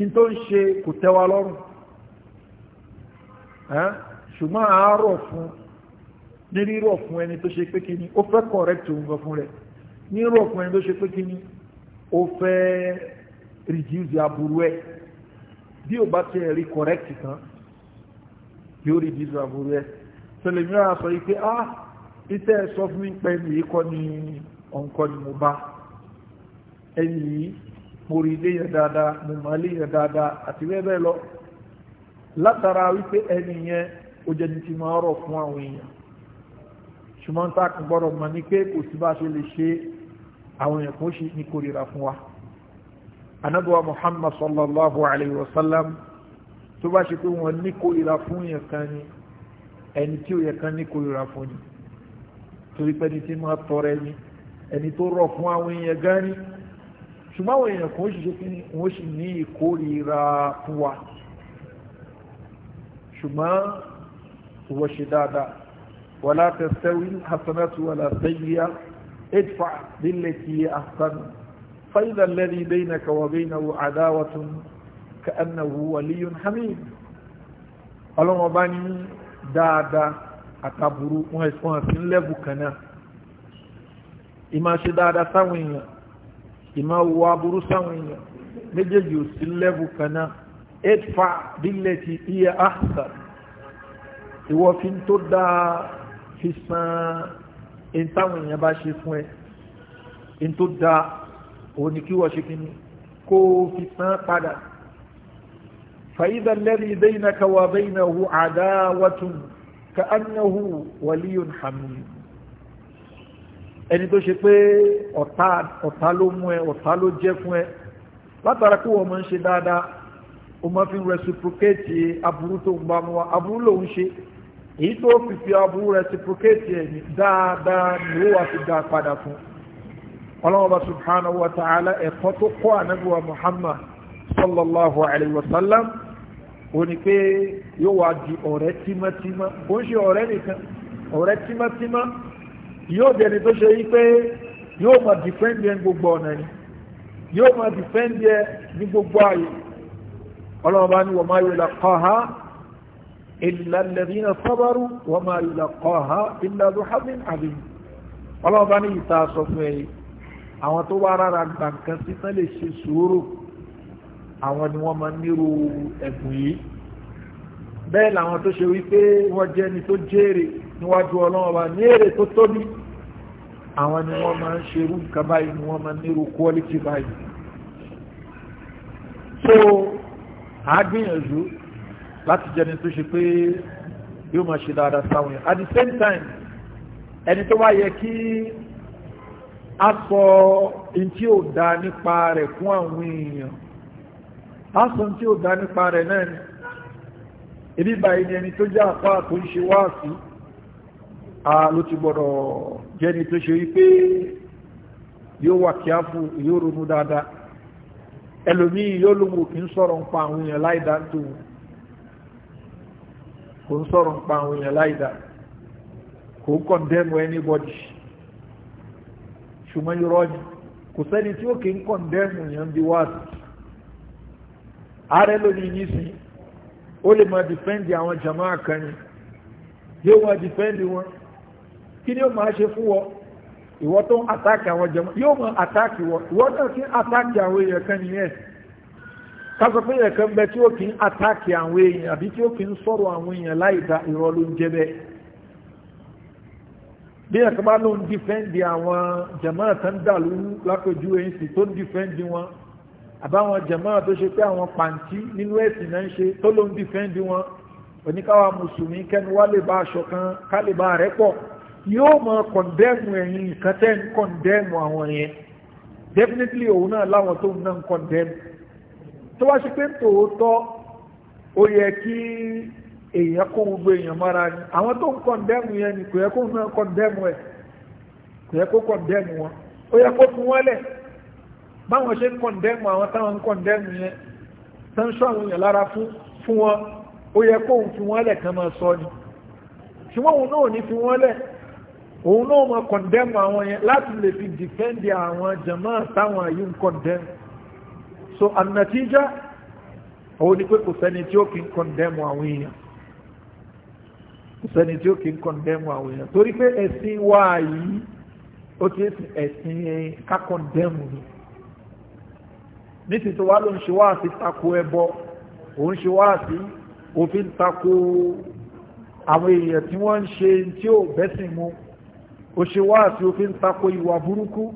un tó ń ṣe kò tẹ́wa lọ́rùn ṣùgbọ́n àárọ̀ fún ní rírọ̀ fún ẹni tó ṣe pé kí ni ó fẹ́ correct òun gan fún rẹ̀ ní rírọ̀ fún ẹni tó ṣe pé kí ni ó fẹ́ reduce aburú ẹ̀ bí ò bá ti rí correct tán yóò rí bíi ìsàbúrú ẹ tẹlẹmíà sọ yìí pé ìtẹ́ ah, ẹ fún mi pé ẹni yìí ni ọ̀nkọ́ ni mo bá ẹni yìí mo rí ilé yẹn dáadáa mo mọ ilé yẹn dáadáa àti bẹ́ẹ̀ bẹ́ẹ̀ lọ látara wípé ẹni yẹn ó jẹ́ ní ti máa rọ̀ fún àwọn èèyàn ṣùgbọ́n tá a kò gbọ́dọ̀ mọ̀ ní pé kò sí bá a ṣe lè ṣe àwọn èèyàn kò ṣe ní kórìíra fún wa anaduwa muhammad sallallahu alayhi wa sallam tó bá ṣe pé wọn ní kórìíra fún yẹn kan ni ẹni tí ó yẹ kan ní kórìíra fún ni torí pé ẹni tí máa tọrọ ẹni ẹni tó rọ̀ fún àwọn èèyàn gan ni ṣùgbọ́n àwọn èèyàn kan ó ṣiṣẹ́ kí ni wọ́n sì ní ìkórìíra fún wa ṣùgbọ́n ìwọ ṣe dáadáa wala tastawi hasanatu wala sayyi'a idfa' billati ahsanu فإذا الذي بينك وبينه عداوة كأنه ولي حميد ọlọ́run ọba ní dáadáa àtàbùrú wọn ẹ̀sùn àti ńlẹ́bù kanáà ìmá ṣe dáadáa sáwọn èèyàn ìmá wo aburú sáwọn èèyàn méjèèjì ò sí lẹ́bù kanáà edfa bílẹ̀ ti iye ahsan ìwọ́fin tó dáa fi san ẹni táwọn èèyàn bá ṣe fún ẹ ẹni tó dáa òun ni kí wọ́n ṣe kíni kó fi san padà fàyídà lẹ́rìí bẹ́yìnà kawà bẹ́yìnà hu àdáwàtún ka annahu waliyun hamim ẹni tó ṣe pé ọ̀tá ló mú ẹ ọ̀tá ló jẹ́ fún ẹ látara kí wọ́n mọ̀ ń ṣe dáadáa o máa fi reciprocate aburú tó ń bá mu aburú lòun ṣe èyí tó fi fi aburú reciprocate ẹ̀ dáadáa ni ó wà fi dá padà fún un ọlọ́wọ́ba subhanahu wa ta'ala ẹ̀kọ́ tó kọ́ ànábíwa muhammad sallallahu alaihi wasallam ó ní pé yóò wá di ọ̀rẹ́ tímátímá kò ń ṣe ọ̀rẹ́ nìkan ọ̀rẹ́ tímátímá yóò dẹni tó ṣe wípé yóò máa dìfẹ́ǹdì ẹ̀ gbogbo ọ̀nà ni yóò máa dìfẹ́ǹdì ẹ̀ ní gbogbo ààyè ọlọ́wọ́ba ni wa ma yulaqaha illa alladhina sabaru wa ma yulaqaha illa dhu hadin adhim ọlọ́wọ́ba ni ìta sọ fún ẹ̀yìn àwọn tó wá rárá gbà nǹkan sí tán lè ṣe sùúrù àwọn ni wọ́n máa nírú ẹ̀bùn yìí bẹ́ẹ̀ làwọn tó ṣe wípé wọ́n jẹ́ ni tó jèrè níwájú ọlọ́run ọba ní èrè tó tóbi àwọn ni wọ́n máa ń ṣerú nǹkan báyìí ni wọ́n máa nírú quality báyìí so a gbìyànjú láti jẹni tó ṣe pé yóò máa ṣe dáadáa sáwọn yẹn at the same time ẹni tó wá yẹ kí a sọ in tí ó dá nípa rẹ̀ fún àwọn èèyàn a sọ in tí ó dá nípa rẹ̀ náà ni ibi báyìí ni ẹni tó jẹ́ àpá tó ń ṣe sí a ló ti gbọ́dọ̀ jẹ́ni tó ṣe wípé yóò wà kí á fún yóò ronú dáadáa ẹlòmí yóò lóhun òkè ń sọ̀rọ̀ ń pa àwọn èèyàn láìdá ṣùgbọ́n irọ́ ni kò sẹ́ni tí ó kì ń kọ̀ndẹ́mù yàn bí wá sí ààrẹ lónìí nísìn ó lè máa dìpẹ́ndì àwọn jama kan ni yóò máa dìpẹ́ndì wọn kí ni ó máa ṣe fún wọn ìwọ tó ń àtàkì àwọn jama yóò máa àtàkì wọn ìwọ náà kí ń àtàkì àwọn èèyàn kan nìyẹn kásọ pé èèyàn kan bẹ tí ó kì ń àtàkì àwọn èèyàn àbí tí ó kì ń sọ̀rọ̀ àwọn èèyàn láì da irọ́ ló ń jẹ́ bẹ́ẹ̀ bí ẹ̀kọ́ bá ló ń dífẹ́ǹdì àwọn jàmáà tó ń dàlú lápẹjú ẹ̀yìnsì tó ń dífẹ́ǹdì wọn àbáwọn jàmáà tó ṣe pé àwọn pàǹtí nínú ẹ̀sìn náà ń ṣe tó ló ń dífẹ́ǹdì wọn oníkáwa mùsùlùmí kẹnu wá lè bá aṣọ kan ká lè bá rẹ pọ̀ yóò mọ kọ̀ǹdẹ́mù ẹ̀yìn nǹkan tẹ́ ń kọ̀ǹdẹ́mù àwọn yẹn definitely òun náà láwọn tó ń náà kọ̀ǹdẹ́mù tó wá ṣe pé tòótọ́ ó yẹ kí èèyàn kó gbogbo èèyàn mọ́ra ni àwọn tó ń kọ̀ndẹ́mù yẹn ni kò yẹ kó náà kọ̀ndẹ́mù ẹ̀ kò yẹ kó kọ̀ndẹ́mù wọn ó yẹ kó fún wọn lẹ̀ báwọn ṣe ń kọ̀ndẹ́mù àwọn táwọn ń kọ̀ndẹ́mù yẹn tó sọ àwọn èèyàn lára fún wọn ó yẹ kó òun fi wọn lẹ̀ kan máa sọ ni ṣùgbọ́n òun náà ní fi wọn lẹ̀ òun náà máa kọ̀ndẹ́mù àwọn yẹn láti lè fi dìfẹ́ǹdì àwọn jàmáà táwọn yìí ń kọ̀ndẹ́mù so ànàtíjà òun ni pé kò sẹ́ni tí ó kì í kọ̀ndẹ́mù àwọn èèyàn sẹ́ni tí ó kì ń kọ̀ndẹ́mù àwọn èèyàn torí pé ẹ̀sìn wa yìí ó ti ẹ̀sìn ká kọ̀ndẹ́mù ni ní ti tó wá ló ń ṣe wá sí tako ẹbọ òun ṣe wá sí òfin tako àwọn èèyàn tí wọ́n ń ṣe tí ó bẹ́sìn mu ó ṣe wá sí òfin tako ìwà burúkú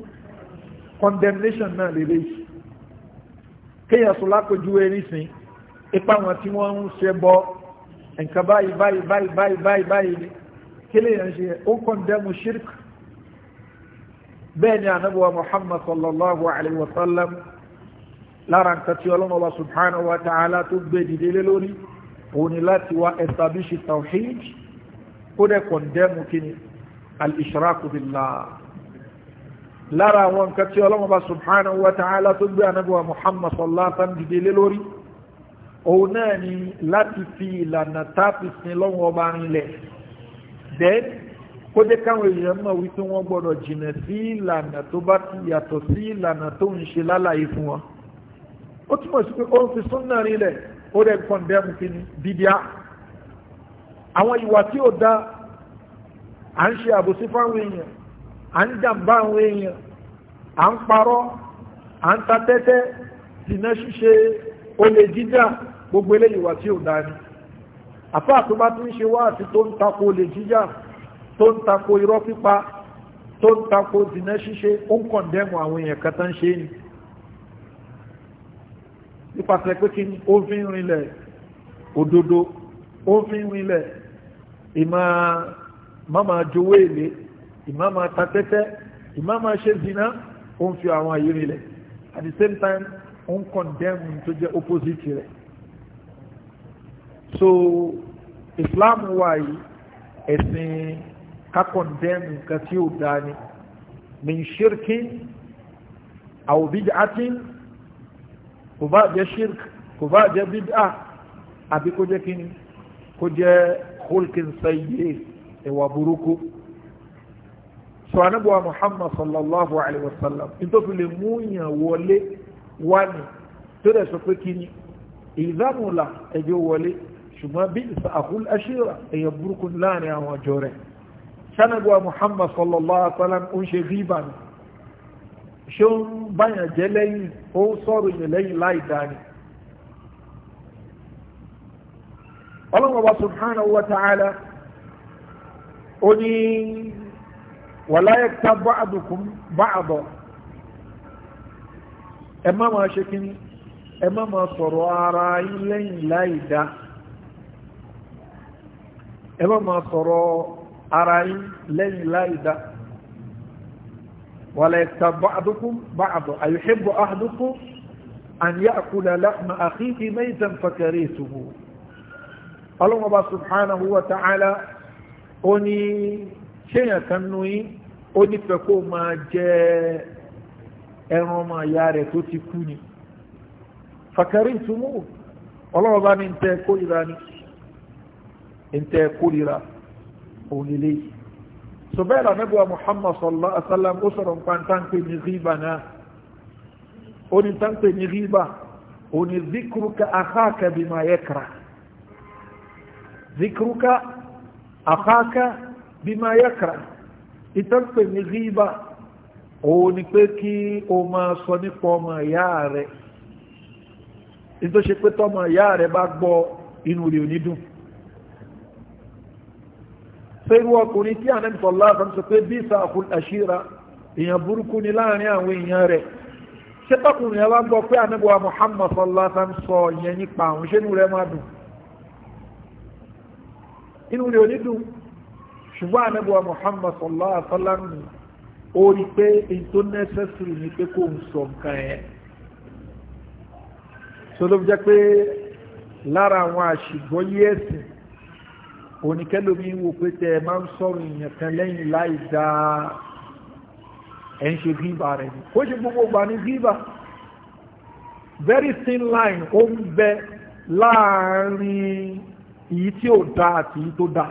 condemnation náà lè léyìí kéèyàn sọ lápèjúwe nísìn ipa wọn tí wọ́n ń ṣe bọ́ nǹkan báyìí báyìí báyìí báyìí báyìí báyìí ni kí lè yàn ṣe ó kàn dẹ́mu shirk bẹ́ẹ̀ ni ànábọ̀wá muhammad sallallahu alayhi wa sallam lára nǹkan tí ọlọ́run ọba subhanahu wa ta'ala tó gbé dìde lé lórí òun ni láti wá establish tawhid ó dẹ̀ kọ̀ndẹ́mù kí ni al-ishraku billah lára àwọn nǹkan tí ọlọ́run ọba subhanahu wa ta'ala tó gbé ànábọ̀wá muhammad sallallahu alayhi wa sallam dìde lórí òun náà ni láti fi ìlànà táàpì sin lọ́wọ́ ọba rinlẹ̀ then kó jẹ́ káwọn èèyàn mọ̀ wípé wọ́n gbọ́dọ̀ jìnà sí ìlànà tó bá ti yàtọ̀ sí ìlànà tó ń ṣe lálàyé fún wọn ó túmọ̀ sí pé ó ń fi súnnà rinlẹ̀ ó rẹ̀ kọ̀ndẹ́mù kí ni bíbíà àwọn ìwà tí ó dá à ń ṣe àbòsí fáwọn èèyàn à ń jàǹbá àwọn èèyàn à ń parọ́ à ta tẹ́tẹ́ gbogbo eléyìí wà tí ò dání àfá tó bá tún ṣe wá àti tó ń tako olè jíjà tó ń tako irọ́ pípa tó ń tako dìnà ṣíṣe ó ń kọ̀ndẹ́mù àwọn èèyàn kan tán ṣe ni nípasẹ̀ pé kí ó fi ń rinlẹ̀ òdodo ó fi ń rinlẹ̀ ìmọ̀ máma jowó èlé ìmọ̀ máa ta tẹ́tẹ́ ìmọ̀ máa ṣe zina ó ń fi àwọn àyè rinlẹ̀ at the same time ó ń kọ̀ndẹ́mù tó jẹ́ opposite rẹ̀ so islam wa yìí ẹ̀sìn kakọ̀ndẹ́mù nǹkan tí ó dáa ni min ṣírkì aw bid'atin kò bá jẹ́ ṣírkì kò bá jẹ́ bid'a àbí kó jẹ́ kí ni kó jẹ́ hulkin sayyi ìwà burúkú so anábọ̀wá muhammad sallallahu alayhi wa sallam nítorí lè mú yàn wọlé wá ní tó dẹ̀ sọ pé kí ni ìdánù là ẹjọ́ wọlé ṣùgbọ́n bí ìsàkúl aṣíra èyàn burúkú láàrin àwọn ọjọ́ rẹ̀ sanabuwa muhammad sallallahu alaihi wasallam ń ṣe bíbà ni ṣé ó ń báyàn jẹ́ lẹ́yìn ó ń sọ̀rọ̀ yẹn lẹ́yìn láì dání ọlọ́run ọba subhanahu wa ta'ala ó ní ẹ má máa ṣe kíní ẹ má máa sọ̀rọ̀ ara yín lẹ́yìn láì ẹ má máa sọ̀rọ̀ ara yín lẹ́yìn láì dá wàlẹ̀ tàbá àdúkùn bá àbọ̀ àyùhẹ́bọ̀ àdúkùn an ya'kula lahma akhihi maytan fakarituhu ọlọ́wọ́ bá subhanahu wa ta'ala ó ní ṣéyàn kan nú yín ó nífẹ̀ẹ́ kó máa jẹ ẹran ọmọ ìyá rẹ̀ tó ti kú ni fakarituhu ọlọ́wọ́ bá ní tẹ́ kó ìrani ntẹ kórira onílé so bẹ́ẹ̀ la nẹ́bùwa muhammad sallallahu alaihi wasallam ó sọ̀rọ̀ nǹkan táǹpé ní ríbà náà ó ní táǹpé ní ríbà ó ní zikruka akhaka bima yakra zikruka akhaka bima yakra ìtàǹpé ní ríbà ó ní pé kí o máa sọ nípa ọmọ ìyá rẹ̀ nítorí pé tọmọ ìyá rẹ̀ bá gbọ́ inú rẹ̀ ò ní dùn pé irú ọkùnrin tí ànábì sallallahu alaihi wasallam sọ pé bí sàkùn àṣírà èèyàn burúkú ni láàrin àwọn èèyàn rẹ̀ ṣé tọkùnrin yẹn wá gbọ́ pé ànábì wa Muhammad sallallahu alaihi wasallam sọ ìyẹn nípa àwọn ṣé inú rẹ̀ máa dùn inú rẹ̀ ò ní dùn ṣùgbọ́n ànábì wa Muhammad sallallahu alaihi wasallam ó rí pé èyí tó nẹ́sẹ̀sìrì ni pé kò ń sọ nǹkan yẹn tó jẹ́ pé lára àwọn àṣìgbọ́yé ẹ̀sìn oníkẹ́lómi wò pé tẹ máa ń sọ̀rọ̀ èèyàn kan lẹ́yìn láì dáa ẹ̀ ń rẹ̀ ni ó ṣe gbogbo gbà ní gíbà very thin line ó ń bẹ láàárín èyí tí ò dáa àti èyí tó dáa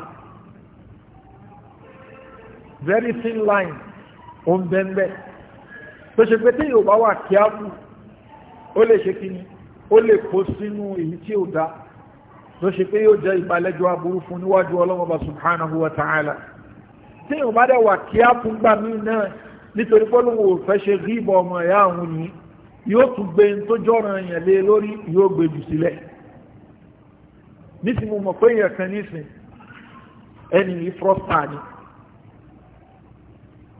very thin line ó ń bẹ ń bẹ tó ṣe pé tí yóò bá wà kíákù ó lè ṣe kí ó lè kó sínú èyí tí ò dáa ló ṣe pé yóò jẹ́ ìbálẹ́jọ́ aburú fún níwájú ọlọ́mọba subhanahu wa ta'ala tí yóò má dẹ̀ wà kí á fún gbà mí náà nítorí pọ́lùmù ò ṣe rí ìbọn ọmọ ẹ̀yà àwọn ni yóò tún gbé ń tó jọ́ràn èèyàn lé lórí yóò gbé jù sílẹ̀ nísìnyí mo mọ̀ pé èèyàn kan nísìn ẹni yìí frọ́stà ni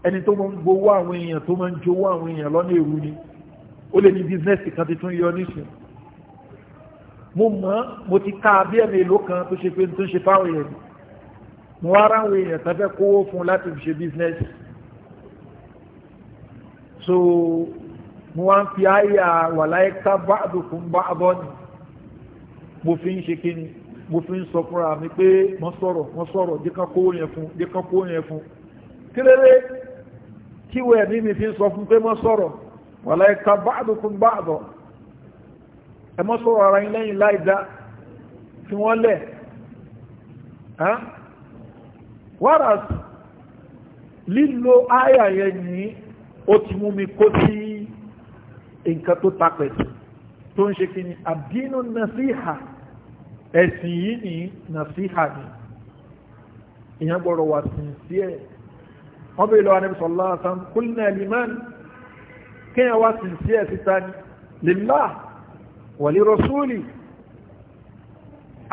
ẹni tó máa ń gbowó àwọn èèyàn tó máa ń jowó àwọn èèyàn lọ́nà èrú ni ó lè ní bísínẹ́sì kan ti tún yọ nísìnyí mo mọ̀ mo ti ká bí ẹ̀mí èlò kan tó ṣe pé tó ń ṣe fáwọn èèyàn mo wá ráwọn èèyàn tó fẹ́ kówó fún láti fi ṣe bísínẹ́sì so mo wá ń fi àyà wà láyé ká bá àdùkún bá àbọ̀ ni mo fi ń ṣe kí ni mo fi ń sọ fúnra mi pé wọ́n sọ̀rọ̀ wọ́n sọ̀rọ̀ jẹ́ kówó yẹn fún jẹ́ kówó yẹn fún kílélé kíwẹ̀ ní mi fi ń sọ fún pé wọ́n sọ̀rọ̀ wà láyé ká bá àdùkún bá àbọ̀ ẹ mọ́ sọ̀rọ̀ ara yín lẹ́yìn láìdá fi wọ́n lẹ̀ wàrà lílo àyà yẹn ní ó ti mú mi kó sí nǹkan tó tapẹ̀tì tó ń ṣe kí ni àdínú nàṣíhà ẹ̀sìn yìí ní nàṣíhà ni ìyẹn gbọ́dọ̀ wà sìn sí ẹ̀ wọ́n bèèrè lọ́wọ́ níbi sọ̀lá àtàn kúlẹ̀ lìmán kéèyàn wà sìn sí ẹ̀ síta ni lèláà wàlí rọ́súlì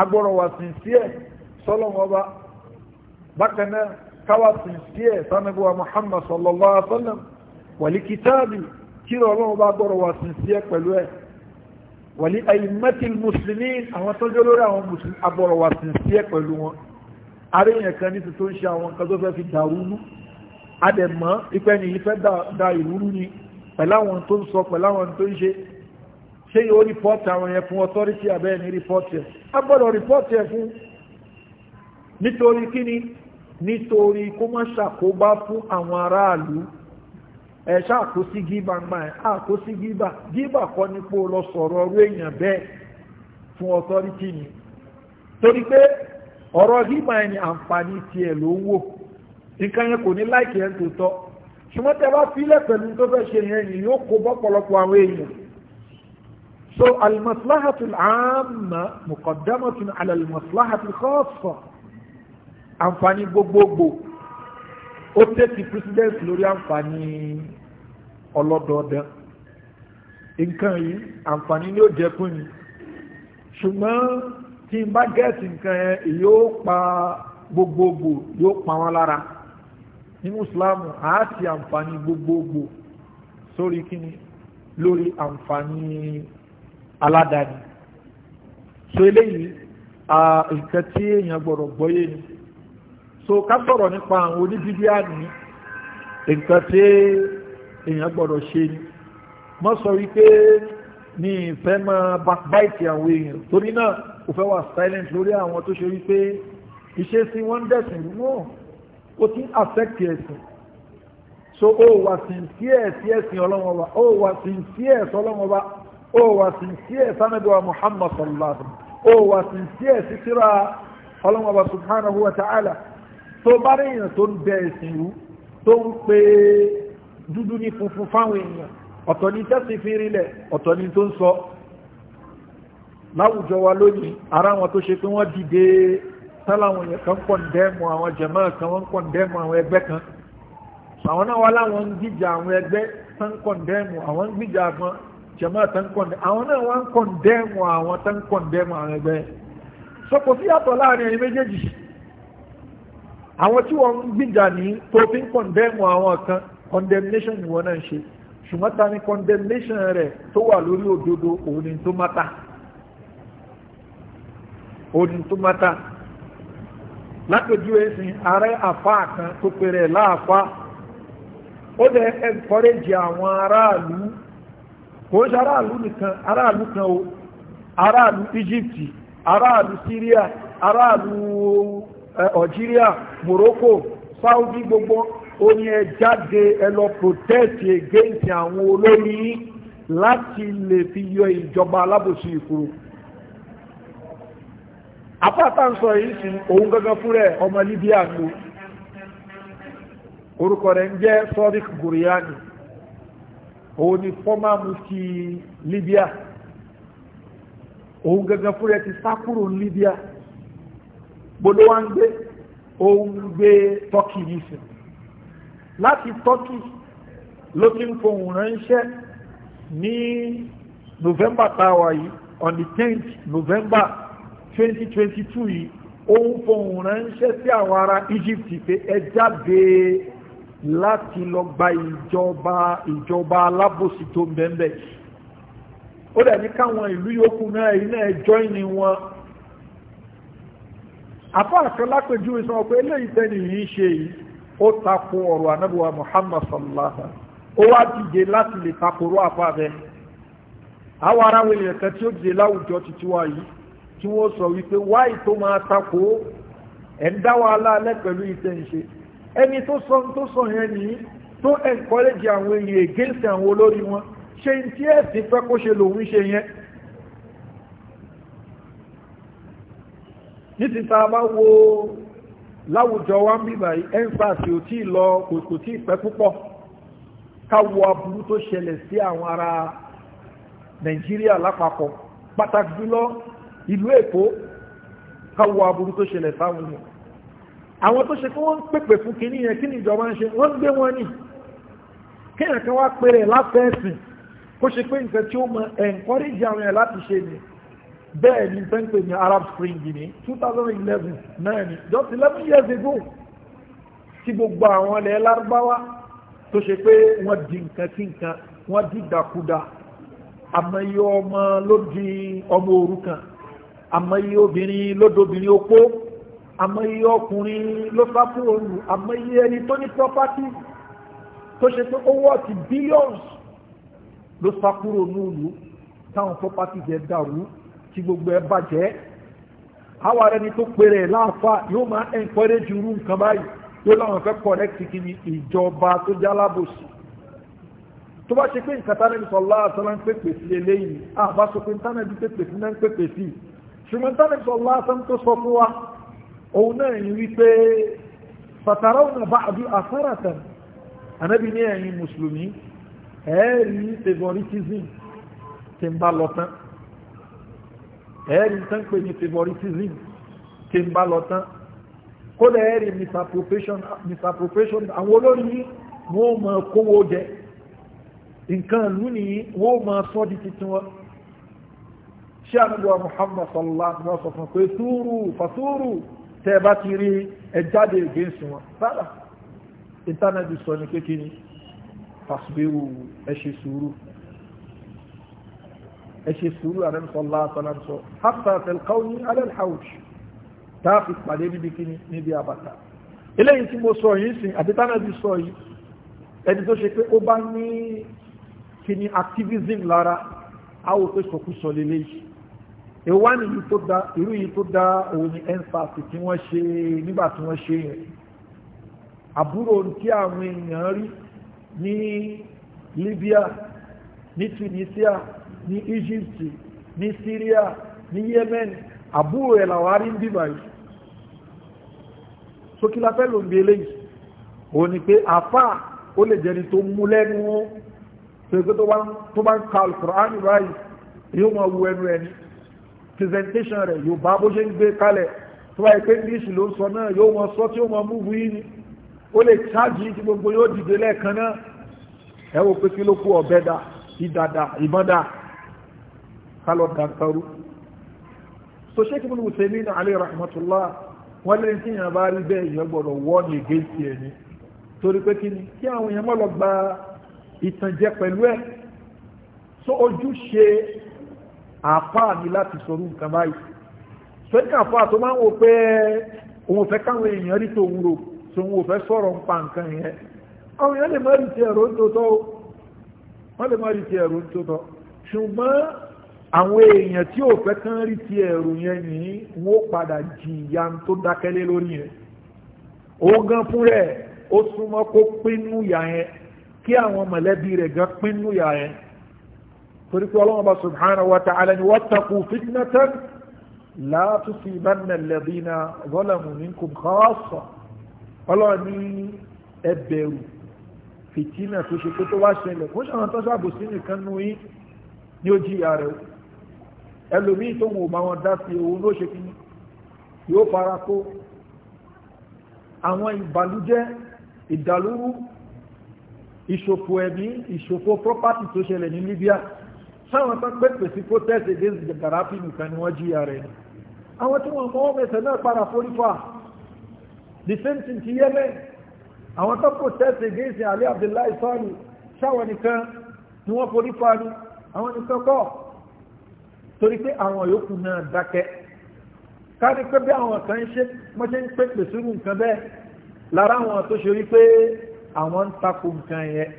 agbọ́rọ̀ wà sí sí ẹ̀ sọ́lọ́wọ́ ọba bákanáà káwà sí sí ẹ̀ sanabuwa muhammad sallallahu alaihi wasallam wàlí kìtàbì kíra ọlọ́wọ́ bá gbọ́rọ̀ wà sí sí ẹ̀ pẹ̀lú ẹ̀ wàlí àìmẹ́tìl mùsùlùmí àwọn tọ́jọ́ lórí àwọn mùsùlùmí agbọ́rọ̀ wà sí ẹ̀ pẹ̀lú wọn aríyàn kan ní tuntun ṣe àwọn kan tó fẹ́ fi dàrú nú adẹ̀mọ́ ipẹ́ ìfẹ́ da ìrúrú ni pẹ̀láwọn tó ń sọ pẹ̀láwọn tó ń ṣe ṣé o rìpọ́tì àwọn yẹn fún ní rìpọ́tì ẹ̀ a gbọ́dọ̀ rìpọ́tì ẹ̀ fún nítorí kíni nítorí kó má ṣàkóbá fún àwọn aráàlú ẹ̀ ṣàkó sí gíbà ńgbà ẹ̀ àkó sí gíbà gíbà kọ́ nípò lọ sọ̀rọ̀ ọrú èèyàn bẹ́ẹ̀ fún ọtọ́rìtì ni torí pé ọ̀rọ̀ gíbà ẹ̀ ni àǹfààní tiẹ̀ ló ń wò nǹkan yẹn kò ní láìkì ẹ̀ ń tòótọ́ ṣùgbọ́n tẹ bá pẹ̀lú tó fẹ́ ṣe yẹn yóò kó so almaslahatul amma muqaddamatun ala almaslahatul khassa àǹfààní gbogbogbò ó tẹ́tí precedence lórí àǹfààní ọlọ́dọọdún nǹkan yìí àǹfààní ni ó jẹ́ fún mi ṣùgbọ́n tí n bá gẹ́ẹ̀sì nǹkan yẹn yóò pa gbogbogbò yóò pa wọn lára nínú islamu a ti àǹfààní gbogbogbò sórí kíni lórí àǹfààní aládàáni so eléyìí nǹkan tí èèyàn gbọ́dọ̀ gbọ́yé ni so ká sọ̀rọ̀ nípa àwọn oníbíbíà ní nǹkan tí èèyàn gbọ́dọ̀ ṣe ni mọ́ sọ wípé ní ìfẹ́ máa backbite àwọn èèyàn torí náà kò fẹ́ wà silent lórí àwọn tó ṣe wípé iṣẹ́ sí wọ́n dẹ̀sìn mọ́ ó ti affect ẹ̀sìn so ó wà sincere sí ẹ̀sìn ọlọ́wọ́ba ó wà sincere sọlọ́wọ́ba. So, ó wà sí sí ẹ̀ sánàbíwá muhammad sallallahu alaihi wasallam ó wà sí sí ẹ̀ sí síra ọlọ́mọba subhanahu wa ta'ala tó bá rí èèyàn tó ń bẹ ẹ̀sìn rú tó ń pe dúdú ní funfun fáwọn èèyàn ọ̀tọ̀ ní tẹ́sí fi rílẹ̀ ọ̀tọ̀ ní tó ń sọ láwùjọ wa lónìí ara wọn tó ṣe pé wọ́n dìde tálàwọn èèyàn kan kọ̀ndẹ́mù àwọn jàmáà kan wọ́n kọ̀ndẹ́mù àwọn ẹgbẹ́ kan àwọn náà wá láwọn ń gbìjà àwọn ẹgbẹ́ tán kọ̀ndẹ́mù àwọn ń gbìjà kan jama tan kọnde àwọn náà wọn kọnde mu àwọn tan kọnde mu àwọn ẹgbẹ́ sọpọ sí láàrin ẹ̀yin méjèèjì àwọn tí wọn gbìjà ní tó fi ń àwọn kan condemnation ni wọn náà ṣe ṣùgbọ́n ta ni condemnation rẹ̀ tó wà lórí òdodo òní tó mata òní tó mata lápẹjú ẹsìn ààrẹ àfa kan tó pèrè láàfa ó dẹ encourage àwọn aráàlú. kò ń aráàlú nìkan aráàlú kan o aráàlú Egypt aráàlú Syria aráàlú Algeria Morocco Saudi gbogbo ó ní ẹ jáde ẹ lọ protest against àwọn olórí láti lè fi yọ ìjọba alábòsí ìkúrò apáta ń sọ yìí sí òun gangan fúnrẹ̀ ọmọ Libya ní orúkọ rẹ̀ ń jẹ́ Sadiq Guriani òun ni former mufti Libya òun gangan fúnra ti sá Libya gbogbo wa ń gbé òun gbé Turkey yìí sí láti Turkey ló ti ń fohùn ránṣẹ́ ní November táwa yìí on the 10th November 2022 yìí òun fohùn ránṣẹ́ sí àwọn ará Egypt pé ẹ jáde láti lọ gba ìjọba ìjọba alábòsí tó ń bẹ́ẹ̀ ó dẹ̀ ní káwọn ìlú yòókù náà iná ẹjọ́ ìní wọn afá àkan lápèjúwe sọ eléyìí tẹ́ni yìí ṣe yìí ó tako ọ̀rọ̀ anábùwà Muhammad sallallahu ó wá dìde láti lè takoró afá bẹ́ẹ̀ àwọn ará wẹ̀lẹ̀ kan tí ó dìde láwùjọ títí wá yìí tí wọ́n sọ wípé wáì tó máa tako ẹ̀ ń dá wàhálà pẹ̀lú ìtẹ̀ ṣe ẹni tó sọ tó sọ yẹn nìyí tó encourage àwọn èèyàn against àwọn olórí wọn ṣe ń tí ẹ̀sìn fẹ́ kó ṣe lòun ṣe yẹn ní ti ta bá wo láwùjọ wa ń bí báyìí ẹ́ńfàsì ò tí lọ kò tí pẹ́ púpọ̀ káwọ aburú tó ṣẹlẹ̀ sí àwọn ará nàìjíríà lápapọ̀ pàtàkì jùlọ ìlú èkó káwọ aburú tó ṣẹlẹ̀ sáwọn èèyàn àwọn tó ṣe kí wọ́n ń pèpè fún kìíní yẹn kí ni ìjọba ń ṣe wọ́n ń gbé wọn ní kéèyàn kan wá pèrè láfẹ́ẹ̀sìn kó ṣe pé nǹkan tí ó mọ encourage àwọn ẹ̀ láti ṣe ni bẹ́ẹ̀ ni ń pè ní Arab Spring ní 2011 náà ni just 11 years ago tí gbogbo àwọn ilẹ̀ lárúbáwá tó ṣe pé wọ́n di nǹkan sí nǹkan wọ́n di dàkúdà àmọye ọmọ ló di ọmọ òrukàn ló àmọye ọkùnrin ló sá kúrò nù àmọye ẹni tó ní property tó ṣe pé owó ọ̀tí billions ló sá kúrò nù lù táwọn property jẹ dàrú tí gbogbo ẹ bàjẹ́ àwa rẹ ni tó pèrè láàfà yóò máa encourage irú nǹkan báyìí yóò láwọn fẹ́ correct kí ni ìjọba tó já lábòsí tó bá ṣe pé nǹkan tánà bí sọlá àtàlà ń pèpè sí eléyìí àbá sọ pé tánà bí pèpè sí náà ń pèpè sí ṣùgbọ́n tánà bí sọlá àtàlà tó sọ fún wa òun náà ni wípé fatarawna ba'du asaratan anábì ní ẹ̀yin mùsùlùmí ẹ̀ẹ́rì favoritism tí ń bá lọ tán ẹ̀ẹ́rì tán pè ní favoritism tí ń bá lọ tán kódà ẹ̀ẹ́rì misappropriation misappropriation àwọn olórí wọ́n mọ̀ kówó jẹ nǹkan ìlú ni wọ́n mọ̀ sọ́ di titun wọn ṣé àmì Muhammad sallallahu alaihi wa sallam pé túrú fàtúrú tẹ́ bá ti rí ẹjáde against wọn rárá ìtànàbí sọ ní kékeré fàṣbíwò ẹṣẹ sùúrù ẹṣẹ sùúrù àrẹ́mùsọ́lá àtàlàmùsọ́ hafta tẹ̀lkáwó ní alẹ́lhàwùj tààfi pàdé níbi kíní níbi àbàtà eléyìí tí mo sọ yìí sìn àti tànàbí sọ yìí ẹni tó ṣe pé ó bá ní kíní activism lára àwọn òpèsòkú sọ lélẹ́yìí ìwá nìyí tó dá irú yìí tó dá òun ni ensars tí wọ́n ṣe nígbà tí wọ́n ṣe yẹn àbúrò tí àwọn èèyàn rí ní Libya ní Tunisia ní Egypt ní Syria ní Yemen àbúrò ẹ̀ làwọn rí ń bíbà yìí sókílá fẹ́ ló ń bí eléyìí òun ni pé àfà ó lè jẹni tó mú lẹ́nu tó bá ń ka Al-Qur'an báyìí yóò máa wu ẹnu ẹni presentation rẹ̀ yóò bá bó ṣe ń gbé kalẹ̀ tó wáyé pé english ló ń sọ náà yóò mọ sọ tí ó mọ múbu yìí ni ó lè ṣáàjì tí gbogbo yóò dìde lẹ́ẹ̀kan náà ẹ wo pé kí ló kú ọ̀bẹ dà ìdàdà ìbọn dà kálọ̀ dàkàrú so sheikh ibn hussein alayhi rahmatullah wọ́n lè tí yàn bá rí bẹ́ẹ̀ yàn gbọ́dọ̀ wọ́n ní gẹ́ẹ̀sì ẹ̀ ni torí pé kí ni kí àwọn èèyàn mọ́ lọ gba ìtànjẹ pẹ̀lú ẹ̀ àfáà ni láti sọ̀rọ̀ nǹkan báyìí sọ́yìn àfáà tó máa ń wò pé òun fẹ́ káwọn èèyàn rí tòun rò fẹ́ sọ̀rọ̀ ń pa nǹkan yẹn àwọn èèyàn lè rí ti ẹ̀rọ tó wọ́n lè má rí ti ẹ̀rọ tó ṣùgbọ́n àwọn èèyàn tí ò fẹ́ gan fún rẹ̀ ó súnmọ́ kó pínú yà yẹn kí àwọn mọ̀lẹ́bí rẹ̀ gan pínú torí pé ọlọ́wọ́n bá subhanahu wa ta'ala ni wattaqu fitnatan la tusibanna alladhina zalamu minkum khassa ọlọ́wọ́n ní ẹ bẹ̀rù fìtínà tó ṣe pé tó wá ṣẹlẹ̀ kó ṣàwọn tó ṣàbòsí nìkan nú yín ní ó jìyà ẹlòmíì tó wò máa wọn dá sí òun ló ṣe kíní yóò fara kó àwọn ìbàlújẹ́ ìdàlúrú ìṣòfò ẹ̀mí ìṣòfò property tó ṣẹlẹ̀ ní Libya sáwọn tán pẹ̀pẹ̀ sí protest against Gaddafi nìkan ni wọ́n jíyà rẹ̀ ni àwọn tí wọ́n mọ́wọ́ mẹ́sẹ̀ náà padà forífà the same thing ti Yemen àwọn tán protest against Ali Abdullahi Sani sáwọn nìkan ni wọ́n forífà ni àwọn nìkan kọ́ torí pé àwọn yòókù náà dákẹ́ kárí pé bí àwọn kan ṣe mọ́ṣẹ́ ń pèpè sínú nǹkan bẹ́ẹ̀ lára àwọn tó ṣe rí pé àwọn ń takò nǹkan yẹn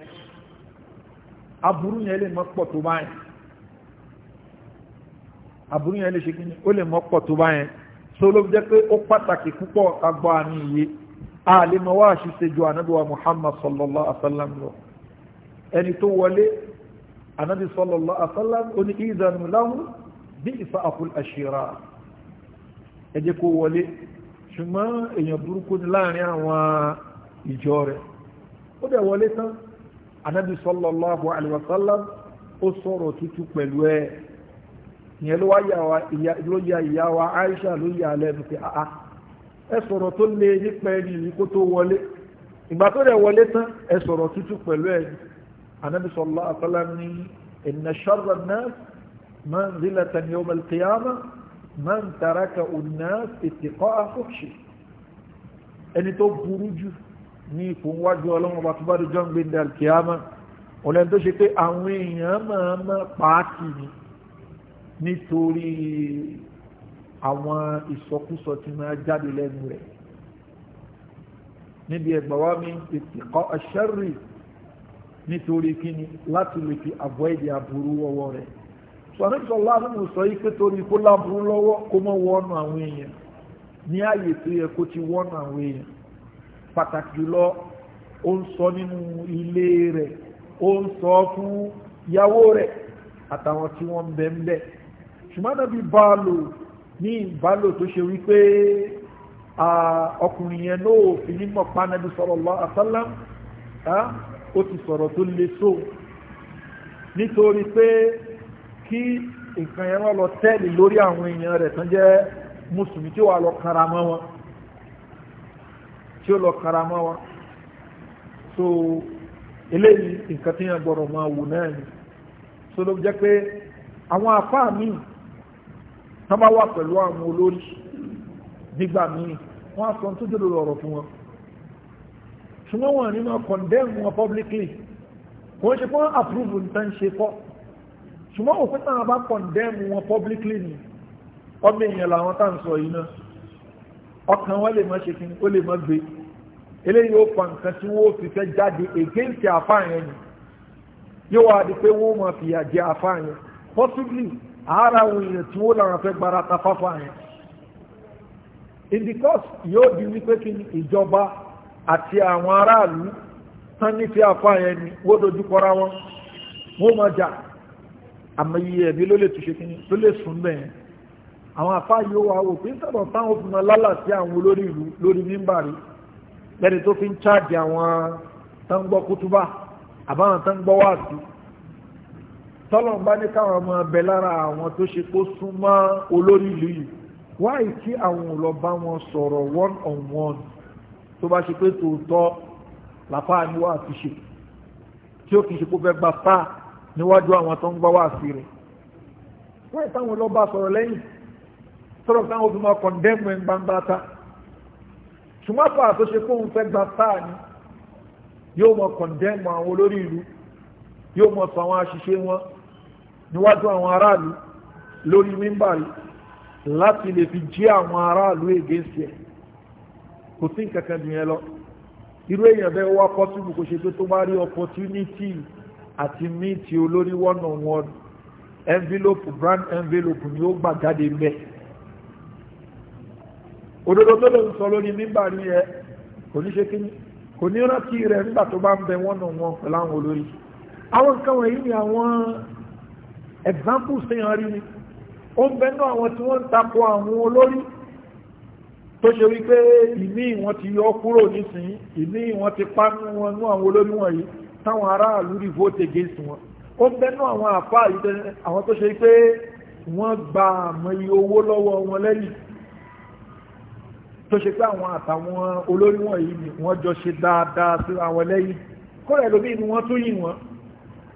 aburú yẹn lè mọ́ pọ̀ tó báyìí àbúrú yẹn lè ṣe kíni ó lè mọ́ pọ̀ tó bá yẹn so ló jẹ́ pé ó pàtàkì púpọ̀ agbọ́ àmì iye a lè mọ wá àṣìṣe ju ànábìwá muhammad sallallahu alaihi wa sallam lọ ẹni tó wọlé ànábì sallallahu alaihi sallam ó ní ìdánù láhùn bí ìfà àkùl àṣírà ẹ jẹ́ kó wọlé ṣùgbọ́n èèyàn burúkú ni láàrin àwọn ìjọ rẹ̀ ó dẹ̀ wọlé tán ànábì sallallahu alaihi sallam ó sọ̀rọ̀ tútù pẹ̀lú ẹ̀ ìyẹn ló wá ya ìyá wa Aisha ló yà lẹ́nu pé àá ẹ sọ̀rọ̀ tó lé nípa ẹni yìí kó tó wọlé ìgbà tó rẹ̀ wọlé tán ẹ sọ̀rọ̀ tútù pẹ̀lú ẹni Ànábì sallallahu alaihi wasallam ní inna sharra an-nas manzilatan yawm al-qiyamah man taraka an-nas ittiqa'a fuhshi ẹni tó burú jù ní ipò wájú ọlọ́run ọba tó bá dé jọ́ ń gbé ní alkiyama ọ̀lẹ́ni tó ṣe pé àwọn èèyàn máa máa pàákì ni nítorí àwọn ìsọkúsọ tí máa jáde lẹ́nu rẹ̀ níbi ẹgbàwá mi ìtìkọ́ aṣẹ́rì nítorí kíni láti lè fi avoid aburú ọwọ́ rẹ̀ sọ̀rọ̀sọ̀lá nínú sọ yí pé torí kó láburú lọ́wọ́ kó mọ́ wọ́nù àwọn èèyàn ní ààyè tó yẹ kó ti wọ́nù àwọn èèyàn pàtàkì jùlọ ó ń sọ nínú ilé rẹ̀ ó ń sọ fún ìyàwó rẹ̀ àtàwọn tí wọ́n ń bẹ ń bẹ́ẹ̀ ṣùgbọ́n bi bá a lò ní ìbálò tó ṣe wípé ọkùnrin yẹn fi nímọ̀ pa nàbí sallallahu ó ti sọ̀rọ̀ tó le so nítorí pé kí nǹkan yẹn lọ tẹ́lì lórí àwọn èèyàn rẹ̀ tán jẹ́ mùsùlùmí tí ó lọ kara wọn so eléyìí nǹkan tí yẹn gbọ́dọ̀ máa wò ni so ló jẹ́ pé àwọn àfáà tán bá wà pẹ̀lú àwọn olórí nígbà míì wọ́n á sọ tó jòdò ọ̀rọ̀ fún wọn ṣùgbọ́n wọn ní máa condemn wọn publicly kò ń ṣe pé approve nǹkan ṣe kọ́ ṣùgbọ́n òfin náà bá condemn wọn publicly ni ọmọ èèyàn làwọn tá à ń sọ yìí náà ọkàn wọn lè má ṣe kí ni ó lè má gbé eléyìí ó pa nǹkan tí wọ́n fi fẹ́ jáde against àfáàyàn ni yóò wá di pé wọ́n máa fìyà jẹ àfáàyàn possibly ara àwọn èèyàn tí wọ́n lára fẹ́ gbára tafáfá yẹn in the course yóò di wípé kí ni ìjọba àti àwọn aráàlú tán nífẹ̀ẹ́ àfá yẹn ni wọ́n dojú kọra wọn wọ́n máa jà àmọ́ iye ẹ̀mí ló lè túnṣe kíni ló lè sùn bẹ́ẹ̀ àwọn àfá yóò wá wò pé sábà táwọn fún wọn lálà sí àwọn olórí ìlú lórí mímbàrí lẹ́ni tó fi ń cháàjì àwọn tán gbọ́ kútúbà àbáwọn tán gbọ́ wáàsí tọ́lọ̀n bá ní káwọn ọmọ ẹbẹ̀ lára àwọn tó ṣe kó súnmọ́ olórí ìlú yìí wáyé tí àwọn olọ wọn sọ̀rọ̀ one on one tó bá ṣe pé tòótọ́ làpá àníwá àti ṣe tí ó kì í ṣe kó fẹ́ gba pa níwájú àwọn tó ń gbọ́ wá sí rẹ̀ wáyé táwọn olọ sọ̀rọ̀ lẹ́yìn tọ́lọ̀ táwọn obìnrin máa kọ̀ndẹ́mù ẹ̀ gbangba ta ṣùgbọ́n àpá àtúnṣe kóhun fẹ́ gba pa ni yóò mọ kọ̀ndẹ́mù àwọn olórí ìlú yóò mọ sọ àwọn àṣìṣe wọn níwájú àwọn aráàlú lórí mímbàrí láti lè fi jí àwọn aráàlú ègé sí ẹ̀ kò sí nǹkan kan lọ irú èèyàn bẹ́ẹ̀ wá pọ́sibù kò ṣe pé tó bá rí opportunity àti míìtì olórí one on one envelope brand envelope ni ó gbà jáde mbẹ́ òdodo tó lè sọ lórí mímbàrí yẹ kò ní ṣe kí kò ní rántí rẹ̀ nígbà tó bá ń bẹ one on one pẹ̀lú àwọn olórí àwọn nǹkan wọ̀nyí ni àwọn examples tí yàn rí ni ó ń bẹ́nu àwọn tí wọ́n ń takò àwọn olórí tó ṣe wípé ìní wọn ti yọ kúrò nísìnyí ìní wọn ti pánú wọn nú àwọn olórí wọ̀nyí táwọn aráàlú rí vote against wọn ó ń bẹ́nu àwọn àfáà yìí àwọn tó ṣe wípé wọ́n gba àmọ́ iye owó lọ́wọ́ wọn lẹ́yìn tó ṣe pé àwọn àtàwọn olórí wọ̀nyí ni wọ́n jọ ṣe dáadáa sí àwọn lẹ́yìn kó rẹ̀ lómi inú wọn tó yìn wọn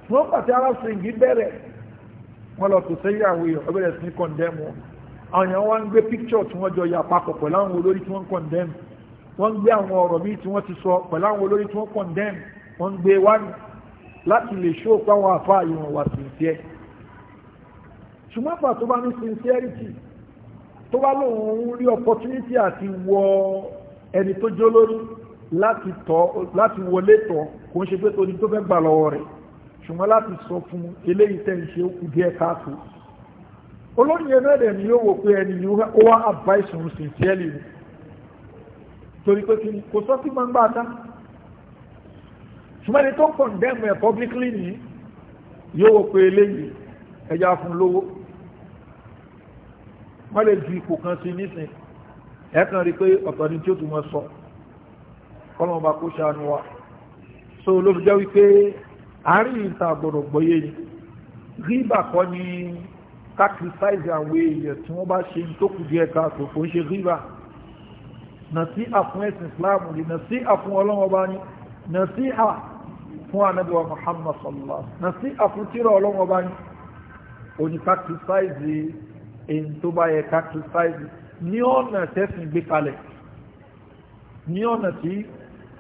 wọ́n pàtẹ aráàlú bẹ̀rẹ̀ wọ́n lọ tó sẹ́yìn àwọn èèyàn ọbẹ̀ rẹ̀ sí ní kọ̀ndẹ́mù àwọn èèyàn wọ́n ń gbé píkṣọ̀ tí wọ́n jọ ya papọ̀ pẹ̀lú àwọn olórí tí wọ́n kọ̀ndẹ́mù wọ́n ń gbé àwọn ọ̀rọ̀ míì tí wọ́n ti sọ pẹ̀lú àwọn olórí tí wọ́n kọ̀ndẹ́mù wọ́n ń gbé wá láti lè ṣó páwọn afá ìwọ̀n wà sincere ṣùgbọ́n pà tó bá ní sincerity tó bá lóun rí opportunity àti wọ ẹni tó jó lórí láti wọlé tọ̀ kò ń ṣe pé torí tó fẹ́ gbà lọ́wọ́ rẹ̀ ṣùgbọ́n láti sọ fún eléyìí tẹ́ ń ṣe òkú díẹ̀ káàtó olóyìn ẹgbẹ́ rẹ̀ ni yóò wò pé ẹni ni ó wá advice òun sincerely ni torí pé kò sọ sí gbangba ta ṣùgbọ́n ẹni tó condemn ẹ̀ publicly ni yóò wò pé eléyìí ẹja fún lówó wọ́n lè ju ipò kan sí nísìn ẹ̀ kàn rí pé ọ̀tọ̀ ni tí ó tún mọ́ sọ kọ́lọ́mọba kó ṣàánú wa so ló fi jẹ́ wípé àárín ìta àgbọ̀rọ̀ gbọ́yé ni ríbà kọ́ ni sacrifice àwọn èèyàn tí wọ́n bá ṣe tó kù díẹ̀ káàtó kò ń ṣe ríbà nà sí àfún ẹ̀sìn Islam ni nà sí àfún ọlọ́wọ́ bá ní nà sí à fún anábíwá Muhammad sallallahu nà sí àfún tíra ọlọ́wọ́ bá ní òní sacrifice èyí tó bá yẹ sacrifice ní ọ̀nà tẹ́sìn gbé kalẹ̀ ní ọ̀nà tí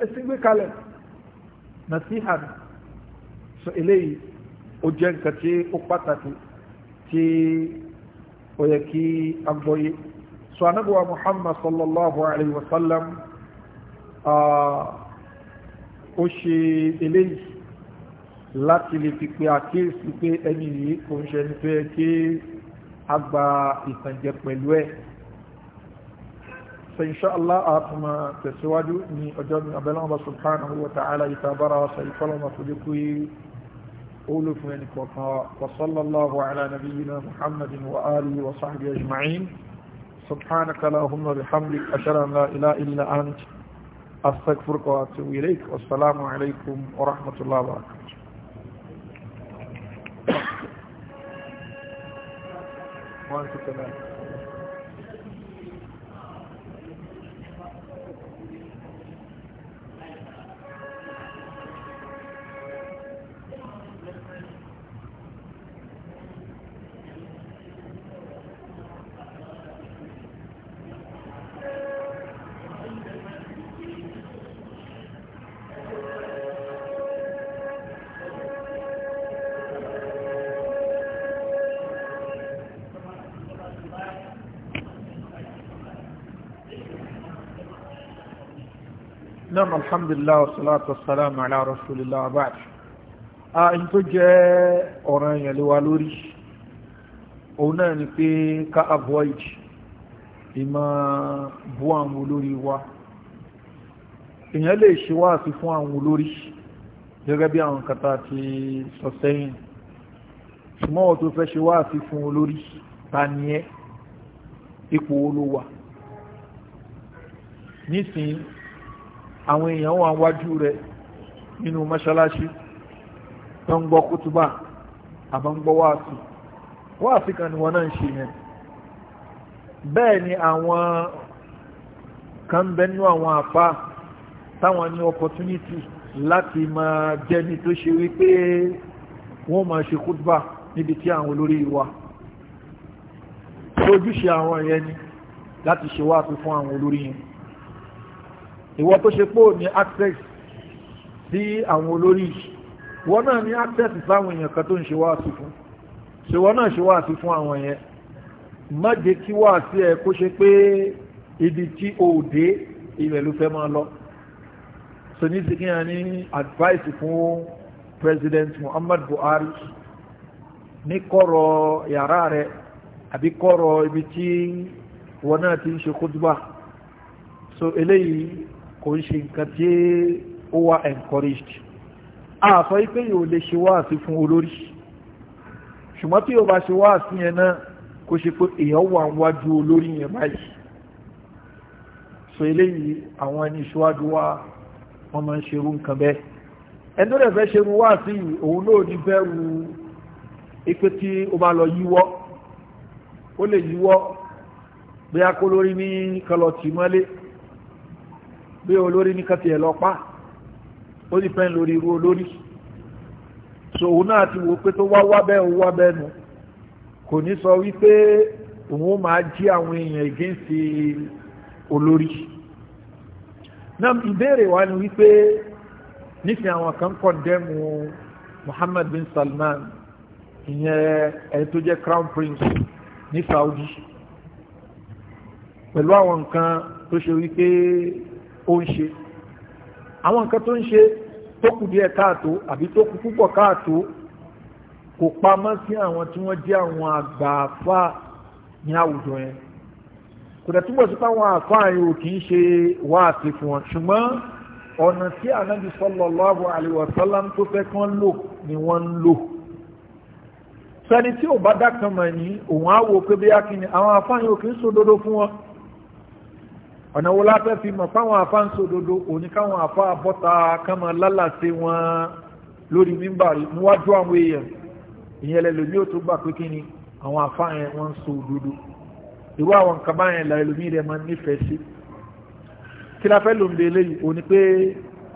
ẹ̀sìn gbé kalẹ̀ nà sí àná so eléyìí ó jẹ́ nǹkan tí ó pàtàkì tí ó yẹ kí a gbọ́yé so anábíwá muhammad sallallahu alayhi wa sallam ó ṣe eléyìí láti lè fi pé àkíyèsí pé ẹni yìí kò ń ṣe ẹni tó kí a gba ìtànjẹ pẹ̀lú ẹ̀ فإنشاء الله آتما تسوادو ني أجاب من أبلان الله سبحانه وتعالى يتابرا سيفلما فدكوي أولو فين وصلى الله على نبينا محمد وآله وصحبه أجمعين سبحانك اللهم بحمدك أشهد أن لا إله إلا أنت أستغفرك وأتوب إليك والسلام عليكم ورحمة الله وبركاته وأنت كذلك نعم الحمد لله والصلاة والسلام على رسول الله بعد ان تجي اوران يلوالوري اونا ني بي كا افويد اما بوان ولوري وا èèyàn lè ṣe wá sí fún àwọn olórí gẹ́gẹ́ bí àwọn kàtà ti sọ sẹ́yìn ṣùgbọ́n tó fẹ́ ṣe wá sí fún olórí ta ni ẹ́ ipò olówà nísìnyí àwọn èèyàn wà wájú rẹ̀ nínú mọ́ṣáláṣí tó ń gbọ́ kútúbà àbọ̀ ń gbọ́ wáàsí wáàsí kan ni wọ́n náà ń ṣe yẹn bẹ́ẹ̀ ni àwọn kan bẹ àwọn àpá táwọn ní opportunity láti máa jẹ́ni tó ṣe wípé wọ́n máa ṣe kútúbà níbi tí àwọn olórí wa ojúṣe àwọn yẹn ni láti ṣe wáàsí fún àwọn olórí yẹn ìwọ tó ṣe pò ní access sí àwọn olórí ìwọ náà ní access sáwọn èèyàn kan tó ń ṣe wá sí fún ṣe wọ́n náà ṣe wá sí fún àwọn yẹn má jẹ́ kí wá sí ẹ kó ṣe pé ibi tí o dé ilẹ̀ ló fẹ́ máa lọ so ní sí kí ní advice fún president Muhammad Buhari ní kọ́rọ̀ yàrá rẹ̀ àbí kọ́rọ̀ ibi tí wọ́n náà ti ń ṣe kúdùbà so eléyìí kò ń ṣe nǹkan tí ó wá encouraged àsọ ipé yóò lè ṣe wáàsí fún olórí ṣùgbọ́n tí yóò bá ṣe wáàsí yẹn náà kò ṣe pé èèyàn wà ń wájú olórí yẹn báyìí so eléyìí àwọn ẹni ṣíwájú wa wọ́n máa ń ṣerú nǹkan bẹ́ẹ̀ ẹni tó dẹ̀ fẹ́ ṣerú wáàsí yìí òun náà ní bẹ̀rù ipe tí ó bá lọ yíwọ́ ó lè yíwọ́ bí akólórí ní kọlọ̀tì mọ́lé bí olórí ní kàtí ẹ̀ lọ́pá ó sì fẹ́ lórí irú olórí so òun náà ti wò pé tó wá wá bẹ́ẹ̀ ó wá bẹ́ẹ̀ nu kò ní sọ wípé òun máa jí àwọn èèyàn ìgéǹsì olórí náà ìbéèrè wa ni wípé nísìn àwọn kan kọ̀ndẹ́mù Muhammad bin Salman ìyẹn ẹni tó jẹ́ crown prince ní Saudi pẹ̀lú àwọn nǹkan tó ṣe wípé ó ń ṣe àwọn nǹkan tó ń ṣe tó kù díẹ̀ káàtó àbí tó kù púpọ̀ káàtó kò pamọ́ sí àwọn tí wọ́n jẹ́ àwọn àgbààfà ní àwùjọ yẹn kò dẹ̀ túbọ̀ sí táwọn àfáà yìí ò kì í ṣe wáàsí fún wọn ṣùgbọ́n ọ̀nà tí ànábi sallallahu alaihi wasallam tó fẹ́ kán lò ni wọ́n ń lò sẹ́ni tí ò bá dákan mọ̀ ní òun á wo pé bí a kì ní àwọn àfáà yìí ò kì í sòdodo fún wọn ọ̀nà wo láfẹ́ fi mọ̀ fáwọn afá ń sòdodo òní káwọn afá bọ́ta kánmọ lálàsẹ wọn lórí mímbà níwájú àwọn èèyàn ìyẹn lẹ́lòmí ò tó gbà pé kí ni àwọn afá yẹn wọ́n ń sòdodo irú àwọn nǹkan báyẹn lẹ́lòmí rẹ̀ máa nífẹ̀ẹ́ sí kí la fẹ́ ló ń belé yìí òní pé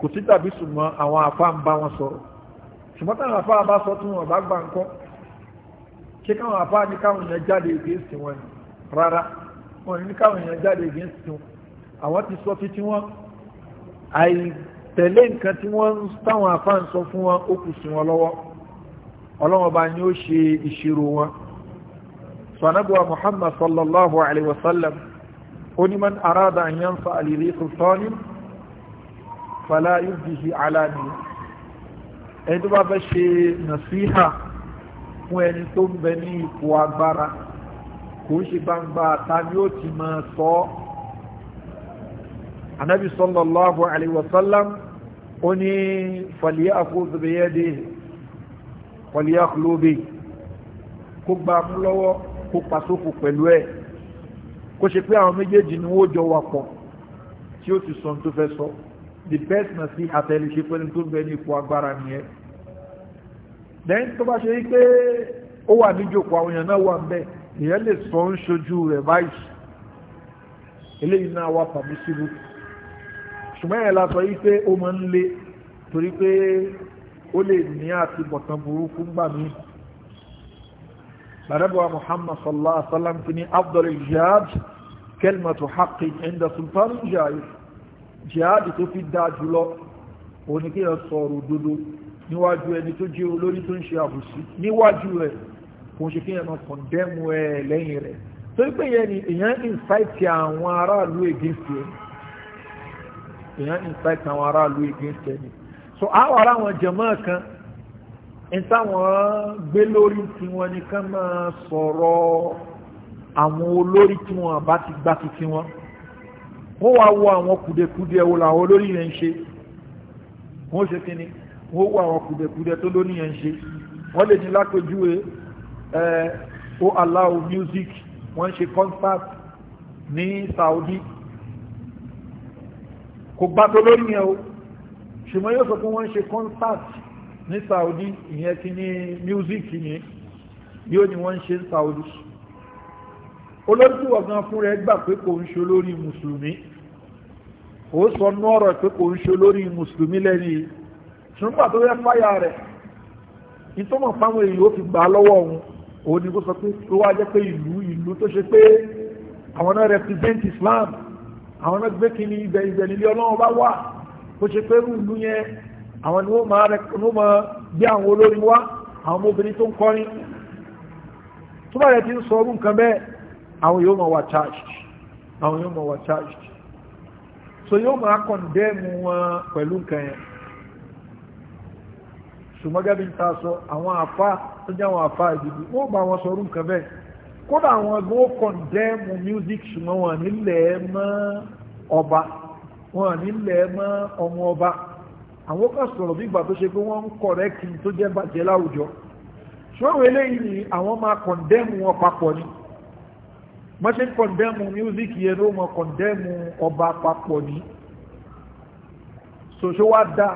kò sí tàbí ṣùgbọ́n àwọn afá ń bá wọn sọ̀rọ̀ ṣùgbọ́n táwọn afá bá sọ tún wọn gbà ńkọ́ kí káwọn afá ní káwọn èèyàn jáde against wọn rárá wọn ní káwọn èèyàn jáde against wọn àwọn ti sọ fi tí wọ́n àìtẹ̀lé nǹkan tí wọ́n táwọn afá ń sọ fún wọn ó kù sí wọn lọ́wọ́ ọlọ́wọ́n bá ní ó ṣe ìṣirò wọn sọ̀nàbùwà muhammad sallallahu alaihi wasallam ó arada an yanfa alìrí sultanin fala yubdihi alani ẹni tó bá fẹ́ ṣe nàṣíhà fún ẹni tó ń bẹ ní ipò agbára kò ń ṣe gbangba ta ni ó ti máa sọ ọ́ anábì sallallahu alaihi wasallam ó ní falyakhudh biyadihi falyakhlu bihi kó gba mú lọ́wọ́ kó pasókò pẹ̀lú ẹ̀ kó ṣe pé àwọn méjèèjì ni wọ́n jọ wà pọ̀ tí ó ti sọ tó fẹ́ sọ the best na sí àtẹ̀lẹ́ṣe pẹ̀lú tó bẹ ní ipò agbára nìyẹn lẹ́yìn tó bá ṣe rí pé ó wà níjòkó àwọn èèyàn náà wà ń bẹ̀ lè sọ ń ṣojú rẹ̀ báyìí eléyìí náà wà pàmí ṣùgbọ́n yẹn la sọ yìí pé ó máa ń le torí pé ó lè ní àti bọ̀tán burúkú gbà mí bàdàbọ̀wà muhammad sallallahu alaihi wasallam ti ní afdal jihad kelmatu haqqin inda sultan jihad jihad tó fi dáa jùlọ òun ni kí yẹn sọ̀rọ̀ òdodo níwájú ẹni tó jẹ́ olórí tó ń ṣe àbùsí níwájú rẹ̀ kò ṣe kí yẹn máa kọ̀ndẹ́mù ẹ̀ lẹ́yìn rẹ̀ torí pé yẹn ni èèyàn ń ṣàìtì àwọn aráàlú ègé sí èèyàn incite àwọn aráàlú against ẹni so a ará wọn jẹ̀mọ́ kan ní táwọn gbé lórí tí wọn ni ká máa sọ̀rọ̀ àwọn olórí tí wọn bá ti gbá ti tiwọn wọ́n wá wo àwọn kùdẹ̀kùdẹ̀ wo làwọn olórí yẹn ń ṣe wọ́n ṣe kí ni wọ́n wo àwọn kùdẹ̀kùdẹ̀ tó lórí yẹn ń ṣe wọ́n lè ní lápèjúwe ó aláwo music wọ́n ṣe concert ní Saudi kò gbá tó lórí yẹn o ṣùgbọ́n yóò sọ pé wọ́n ń ṣe concert ní Saudi ìyẹn ti ní music ni yóò ní wọ́n ń ṣe Saudi olórí tí wọ́n gan fún rẹ̀ gbà pé kò ń ṣe olórí mùsùlùmí ó sọ nú ọ̀rọ̀ pé kò ń ṣe olórí mùsùlùmí lẹ́ni ṣùgbọ́n tó yẹ fáyà rẹ̀ ìtọ́mọ̀ fáwọn èèyàn ó fi gbà lọ́wọ́ òun òun ni kó sọ pé tó wá jẹ́ pé ìlú ìlú tó ṣe pé àwọn náà represent Islam àwọn náà gbé kìíní ibẹ̀ ibẹ̀ nílé ọlọ́run bá wà bó ṣe pé rúùlù yẹn àwọn ni wọ́n máa gbé àwọn olórin wá àwọn ọmọbìnrin tó ń kọrin tó bá rẹ̀ ti ń sọ ọdún kan bẹ́ẹ̀ àwọn yóò máa wà charged àwọn yóò máa wà charged so yóò máa kọ̀ndẹ́mù wọn pẹ̀lú nǹkan yẹn ṣùgbọ́n gẹ́gẹ́ bí n ta sọ àwọn àfá tó jẹ́ àwọn àfá ìdìbò wọ́n bá wọn sọ ọdún kan bẹ́ẹ̀ kódà àwọn agbó kọ̀ndẹ́mù music ṣùgbọ́n wọn nílẹ̀ mọ́ ọba wọn nílẹ̀ mọ́ ọmọ ọba àwọn kan sọ̀rọ̀ bí ìgbà tó ṣe pé wọ́n ń kọ̀rẹ́kì tó jẹ́ bàjẹ́ láwùjọ ṣòro eléyìí ni àwọn máa kọ̀ndẹ́mù wọn papọ̀ ni wọ́n ṣe ń kọ̀ndẹ́mù music yẹn ló mọ kọ̀ndẹ́mù ọba papọ̀ ni ṣòṣó wá dáa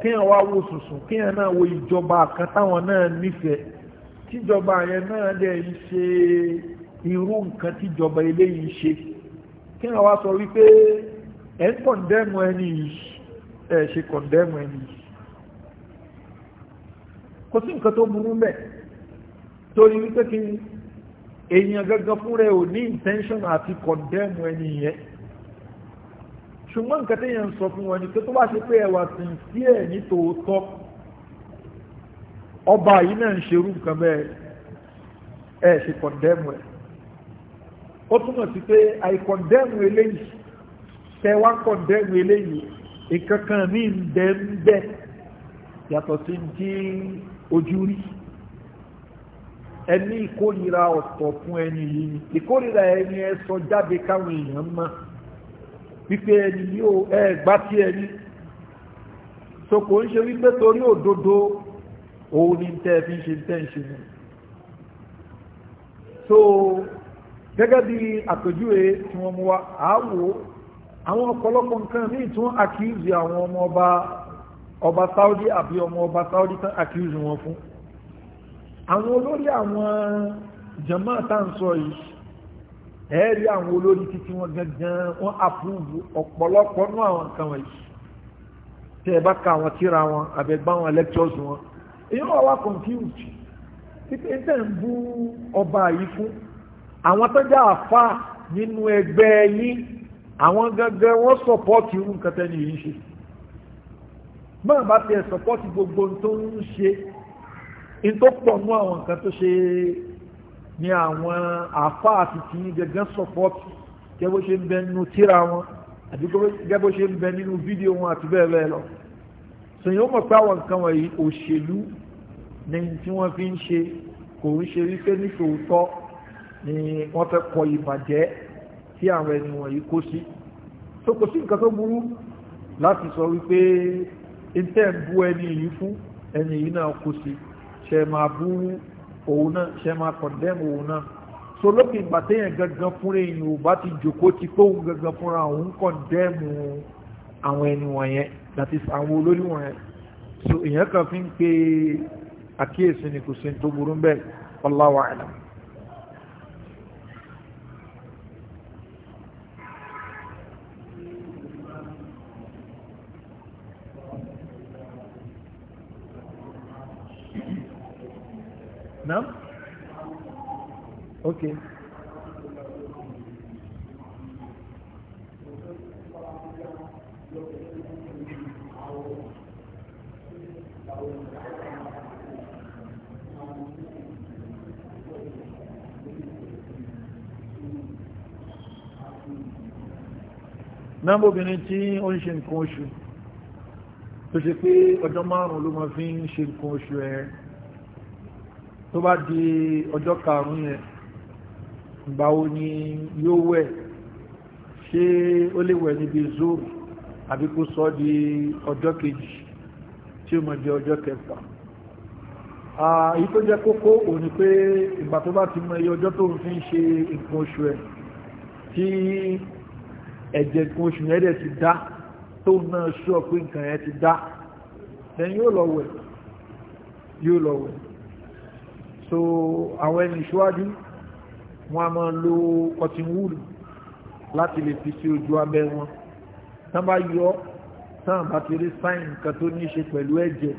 kíyàn wá wo sùsùn kíyàn náà wo ìjọba kan táwọn náà nífẹ̀ẹ́ tíjọba yẹn náà dẹ̀ ń ṣe irú nǹkan tíjọba eléyìí ṣe kí wọ́n wá sọ wípé ẹ̀ ń kọ̀ndẹ́mù ẹni yìí ẹ̀ ṣe kọ̀ndẹ́mù ẹni yìí kò sí nǹkan tó burú mẹ́ torí wípé kí èèyàn gangan fún rẹ̀ ò ní intention àti kọ̀ndẹ́mù ẹni yẹn ṣùgbọ́n nǹkan téèyàn sọ fún wọn ni pé tó bá ṣe pé ẹwà sì ń sí ẹ̀ ní tòótọ́ ọba yìí náà ń ṣerú nǹkan bẹ́ẹ̀ ẹ̀ ṣe kọ̀ndẹ́mù ẹ̀ ó túmọ̀ sí pé àìkọ̀ndẹ́mù eléyìí tẹ́wá kọ̀ndẹ́mù eléyìí ìkankan ní ìdẹ́ ń bẹ́ yàtọ̀ sí ti ojú rí ẹni ìkórira ọ̀tọ̀ fún ẹni yìí ni ìkórira ẹni ẹ sọ jáde káwọn èèyàn mọ́ wípé ẹni yóò ẹ gbá sí ẹni so ń ṣe wípé torí òdodo òun ní tẹ́ fi ṣe tẹ́ǹṣe mú so gẹ́gẹ́ bí àpèjúwe tí wọ́n mú wa àáwò àwọn ọ̀pọ̀lọpọ̀ nǹkan míì tún accuse àwọn ọmọ ọba ọba Saudi àbí ọmọ ọba Saudi tán accuse wọn fún àwọn olórí àwọn jama tá ń sọ yìí ẹ̀ẹ́rí àwọn olórí títí wọn gangan wọn approve ọ̀pọ̀lọpọ̀ nú àwọn nǹkan wọ̀nyí tẹ́ ẹ bá ka àwọn tíra wọn àbẹ̀gbá wọn lectures wọn èyí wà wá confused títí tẹ̀ ń bú ọba yìí fún àwọn tó jẹ́ àfa nínú ẹgbẹ́ yín àwọn gangan wọ́n sọ̀pọ́ọ̀tì irú nǹkan tẹ́ni yìí ṣe máa bá tiẹ̀ sọ̀pọ́ọ̀tì gbogbo tó ń ṣe in tó pọ̀ nú àwọn nǹkan tó ṣe ni àwọn àfa àti tìyín gangan sọ̀pọ́ọ̀tì gẹ́gbó ṣe ń bẹ nínú tíra wọn àti gẹ́gbó ṣe ń bẹ nínú fídíò wọn àti bẹ́ẹ̀ bẹ́ẹ̀ lọ so yóò mọ̀ pé àwọn nǹkan wọ̀nyí òṣèlú ní tí wọ́n fi ń ṣe kò ń ṣe wípé ní tòótọ́ ni wọ́n fẹ́ kọ ìbàjẹ́ tí àwọn ẹni wọ̀nyí kó sí so kò sí nǹkan tó burú láti sọ wípé ìtẹ́ ń bú ẹni yìí fún ẹni yìí náà kó sí ṣe máa bú òun náà ṣe máa condemn òun náà so lókè ìgbà téèyàn gangan fúnra èèyàn ò bá ti jòkó ti pé òun gangan fúnra òun condemn àwọn ẹni wọ̀nyẹn that is àwọn olórí wọn yẹn so èèyàn kan fi ń pe àkíyèsí ni kò sí tó burú ń bẹ́ẹ̀ wallahu a'lam. Não? nọ́mbà obìnrin tí ó ń ṣe nǹkan oṣù tó ṣe pé ọjọ́ márùn-ún ló máa fi ń ṣe nǹkan oṣù ẹ̀ tó bá di ọjọ́ karùn-ún yẹn ìgbà ni yóò wẹ̀ ṣé ó lè wẹ̀ níbi zoro àbí sọ di ọjọ́ kejì tí ó mọ̀ jẹ́ ọjọ́ kẹfà èyí tó jẹ́ kókó ò ní pé ìgbà tó bá ti mọ iye ọjọ́ tó fi ń ṣe nǹkan oṣù ẹ̀ tí ẹ̀jẹ̀ nǹkan oṣù yẹn dẹ̀ ti dá tó náà ṣọ́ pé nǹkan yẹn ti dá then yóò lọ wẹ̀ yóò lọ wẹ̀ so àwọn ẹni ìṣíwájú wọn a máa lo cotton wool láti lè fi sí ojú abẹ́ wọn tán bá yọ ọ́ tán bá ti rí sáìn nǹkan tó ní ṣe pẹ̀lú ẹ̀jẹ̀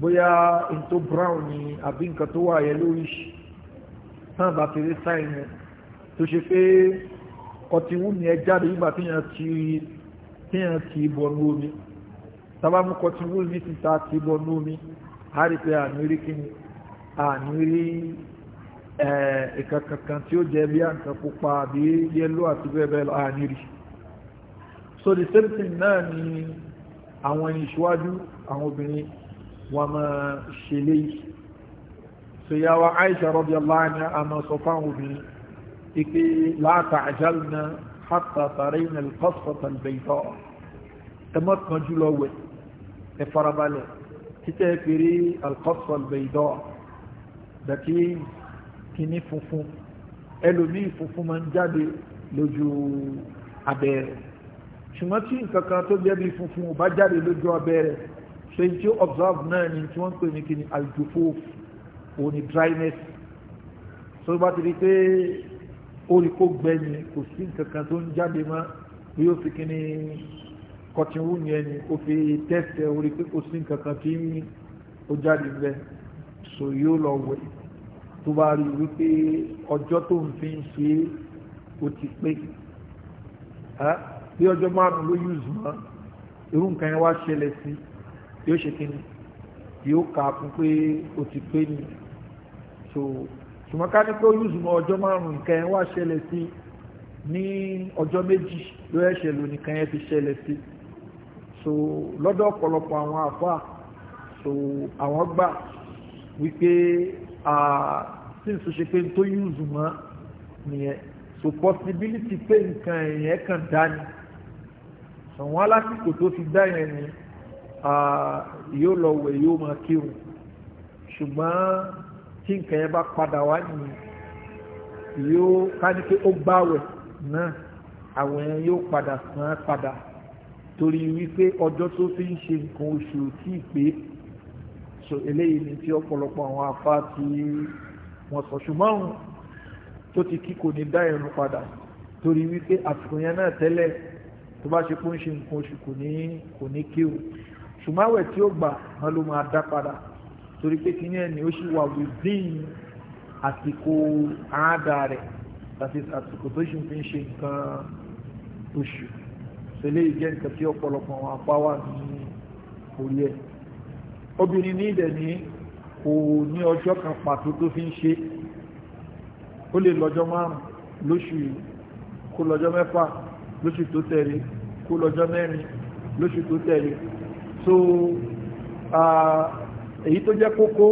bóyá n tó brown ni àbí nǹkan tó wà yẹ lórí tán bá ti rí sáìn yẹn tó ṣe pé ọtí wú ni ẹ jáde nígbà téèyàn ti téèyàn ti bọnú omi tábàmù kọtí wú ní ti ti bọnú omi á rí pé àmì rí kíni àmì rí ẹ̀ẹ̀kankan tí ó jẹ́ bí àǹkan pupa àbí yẹ́lò àti bẹ́ẹ̀ bẹ́ẹ̀ lọ àmì rí so the same thing náà ni àwọn ẹni ṣíwájú àwọn obìnrin wọn máa ṣe léyìí so yàwá Aisha radiyallahu anha a máa sọ fáwọn obìnrin ipe la ta'jalna hatta tarayna al-qasfata al-bayda ẹmọ́ kan jùlọ wẹ̀ ẹ farabalẹ̀ títẹ́ pèrè al-qasfa al-bayda kìíní funfun ẹlòmíì funfun máa ń jáde lójú abẹ́rẹ́ ṣùgbọ́n tí nǹkan kan tó jẹ́ bí funfun bá jáde lójú abẹ́ ṣe tí ó observe náà ni tí wọ́n ń pè ní kíni aljufuf ò ní dryness so bá ti rí pé ó rí kó gbẹ̀yìn kò sí nǹkan kan tó ń jáde mọ́ bí ó fi kíni cotton wool yẹn ni ó fi tẹ́sẹ̀ ó rí pé kò sí nǹkan tí ó jáde bẹ́ẹ̀ so yóò lọ wẹ̀ tó bá rí wípé ọjọ́ tó ń fi ń ṣe ó ti pé bí ọjọ́ márùn ló yúùsù mọ́ irú nǹkan yẹn wá ṣẹlẹ̀ sí yóò ṣe kí ni yóò kà á fún pé o ti pé ni so ṣùgbọ́n ká ní pé ó yúùsù mọ́ ọjọ́ márùn nǹkan yẹn wá ṣẹlẹ̀ sí ní ọjọ́ méjì ló ẹ̀ṣẹ̀ lò nìkan yẹn fi ṣẹlẹ̀ sí so lọ́dọ̀ ọ̀pọ̀lọpọ̀ àwọn àfáà so àwọn gbà wípé sínsù ṣe pé tó yúùsù mọ́ nìyẹn so possibility pé nǹkan ẹ̀yẹn kàn dání ṣùgbọ́n lásìkò tó fi dá yẹn ni yóò lọ wẹ̀ yóò máa kírun ṣùgbọ́n tí nǹkan yẹn bá padà wá nìyí yóò ká ní pé ó gbáwẹ̀ náà àwọn yẹn yóò padà san án padà torí wípé ọjọ́ tó fi ń ṣe nǹkan oṣù tí pé so eléyìí ni tí ọ̀pọ̀lọpọ̀ àwọn afá tí wọ́n sọ ṣùgbọ́n tó ti kí kò ní dá ẹ̀rùn padà torí wípé àsìkò yẹn náà tẹ́lẹ̀ tó bá ṣe kún ṣe nǹkan oṣù kò ní kò ní kéwù ṣùgbọ́n àwẹ̀ tí ó gbà wọn ló máa dá padà torí pé kí ní ẹni ó ṣì wà within àsìkò àádá rẹ̀ àti àsìkò tó ṣì fi ń ṣe nǹkan oṣù tẹ́lẹ̀ ìjẹ́ nǹkan tí ọ̀pọ̀lọpọ̀ àwọn apá wà ní orí ẹ̀ obìnrin ní ìdẹ̀ ní kò ní ọjọ́ kan pàtó tó fi ń ṣe ó lè lọ́jọ́ márùn-ún lóṣù yìí kó lọ́jọ́ mẹ́fà lóṣù tó tẹ̀lé kó lọ́jọ́ mẹ́rin lóṣù tó tẹ̀lé so èyí tó jẹ́ kókó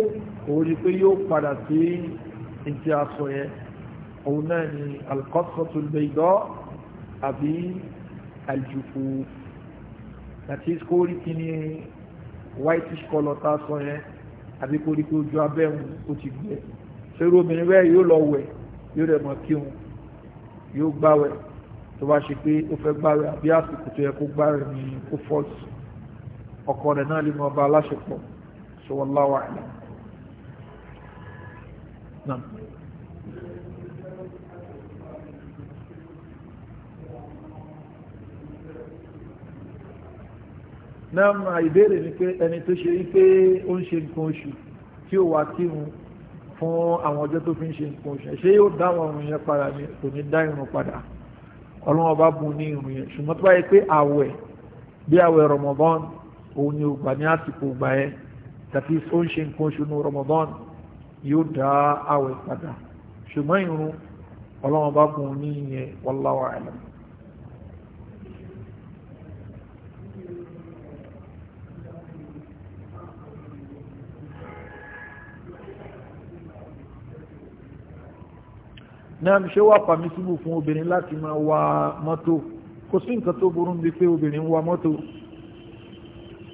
òun ni pé yóò padà sí ìtì àṣọ yẹn òun náà ni alqassatul bayda àbí àjùfù àti kórí kí ni whitish color tá a sọ yẹn àbí kórí kí ojú abẹ́hùn ó ti gbẹ ṣerú obìnrin bẹ́ẹ̀ yóò lọ wẹ̀ yóò rẹ̀ mọ̀ kí wọn yóò gbáwẹ̀ tó bá ṣe pé ó fẹ́ gbáre àbí àsìkò tó yẹ kó gbáre ní kó fọ́ọ̀tì ọkọ rẹ̀ náà lè mọ ọba aláṣepọ̀ so wallahu a'lam náà. náà ìbéèrè ni pé ẹni tó ṣe wípé ó ń ṣe nǹkan oṣù tí ó wà kírun fún àwọn ọjọ́ tó fi ń ṣe nǹkan oṣù ṣé yóò dá àwọn ọ̀run yẹn padà ní kò ní dá irun padà ọlọ́wọ́n bá bùn ní irun yẹn ṣùgbọ́n tó bá yẹ pé àwẹ̀ bí àwẹ̀ Ramadan òun ni ògbà ní àsìkò ògbà yẹn tàbí ó ń ṣe nǹkan oṣù ní Ramadan yóò dá àwẹ̀ padà ṣùgbọ́n irun ọlọ́wọ́n bá bùn ní yẹn wallahu a'lam náà ṣe wà pàmísìbù fún obìnrin láti máa wa mọ́tò kò sí nǹkan tó burú bí pé obìnrin wa mọ́tò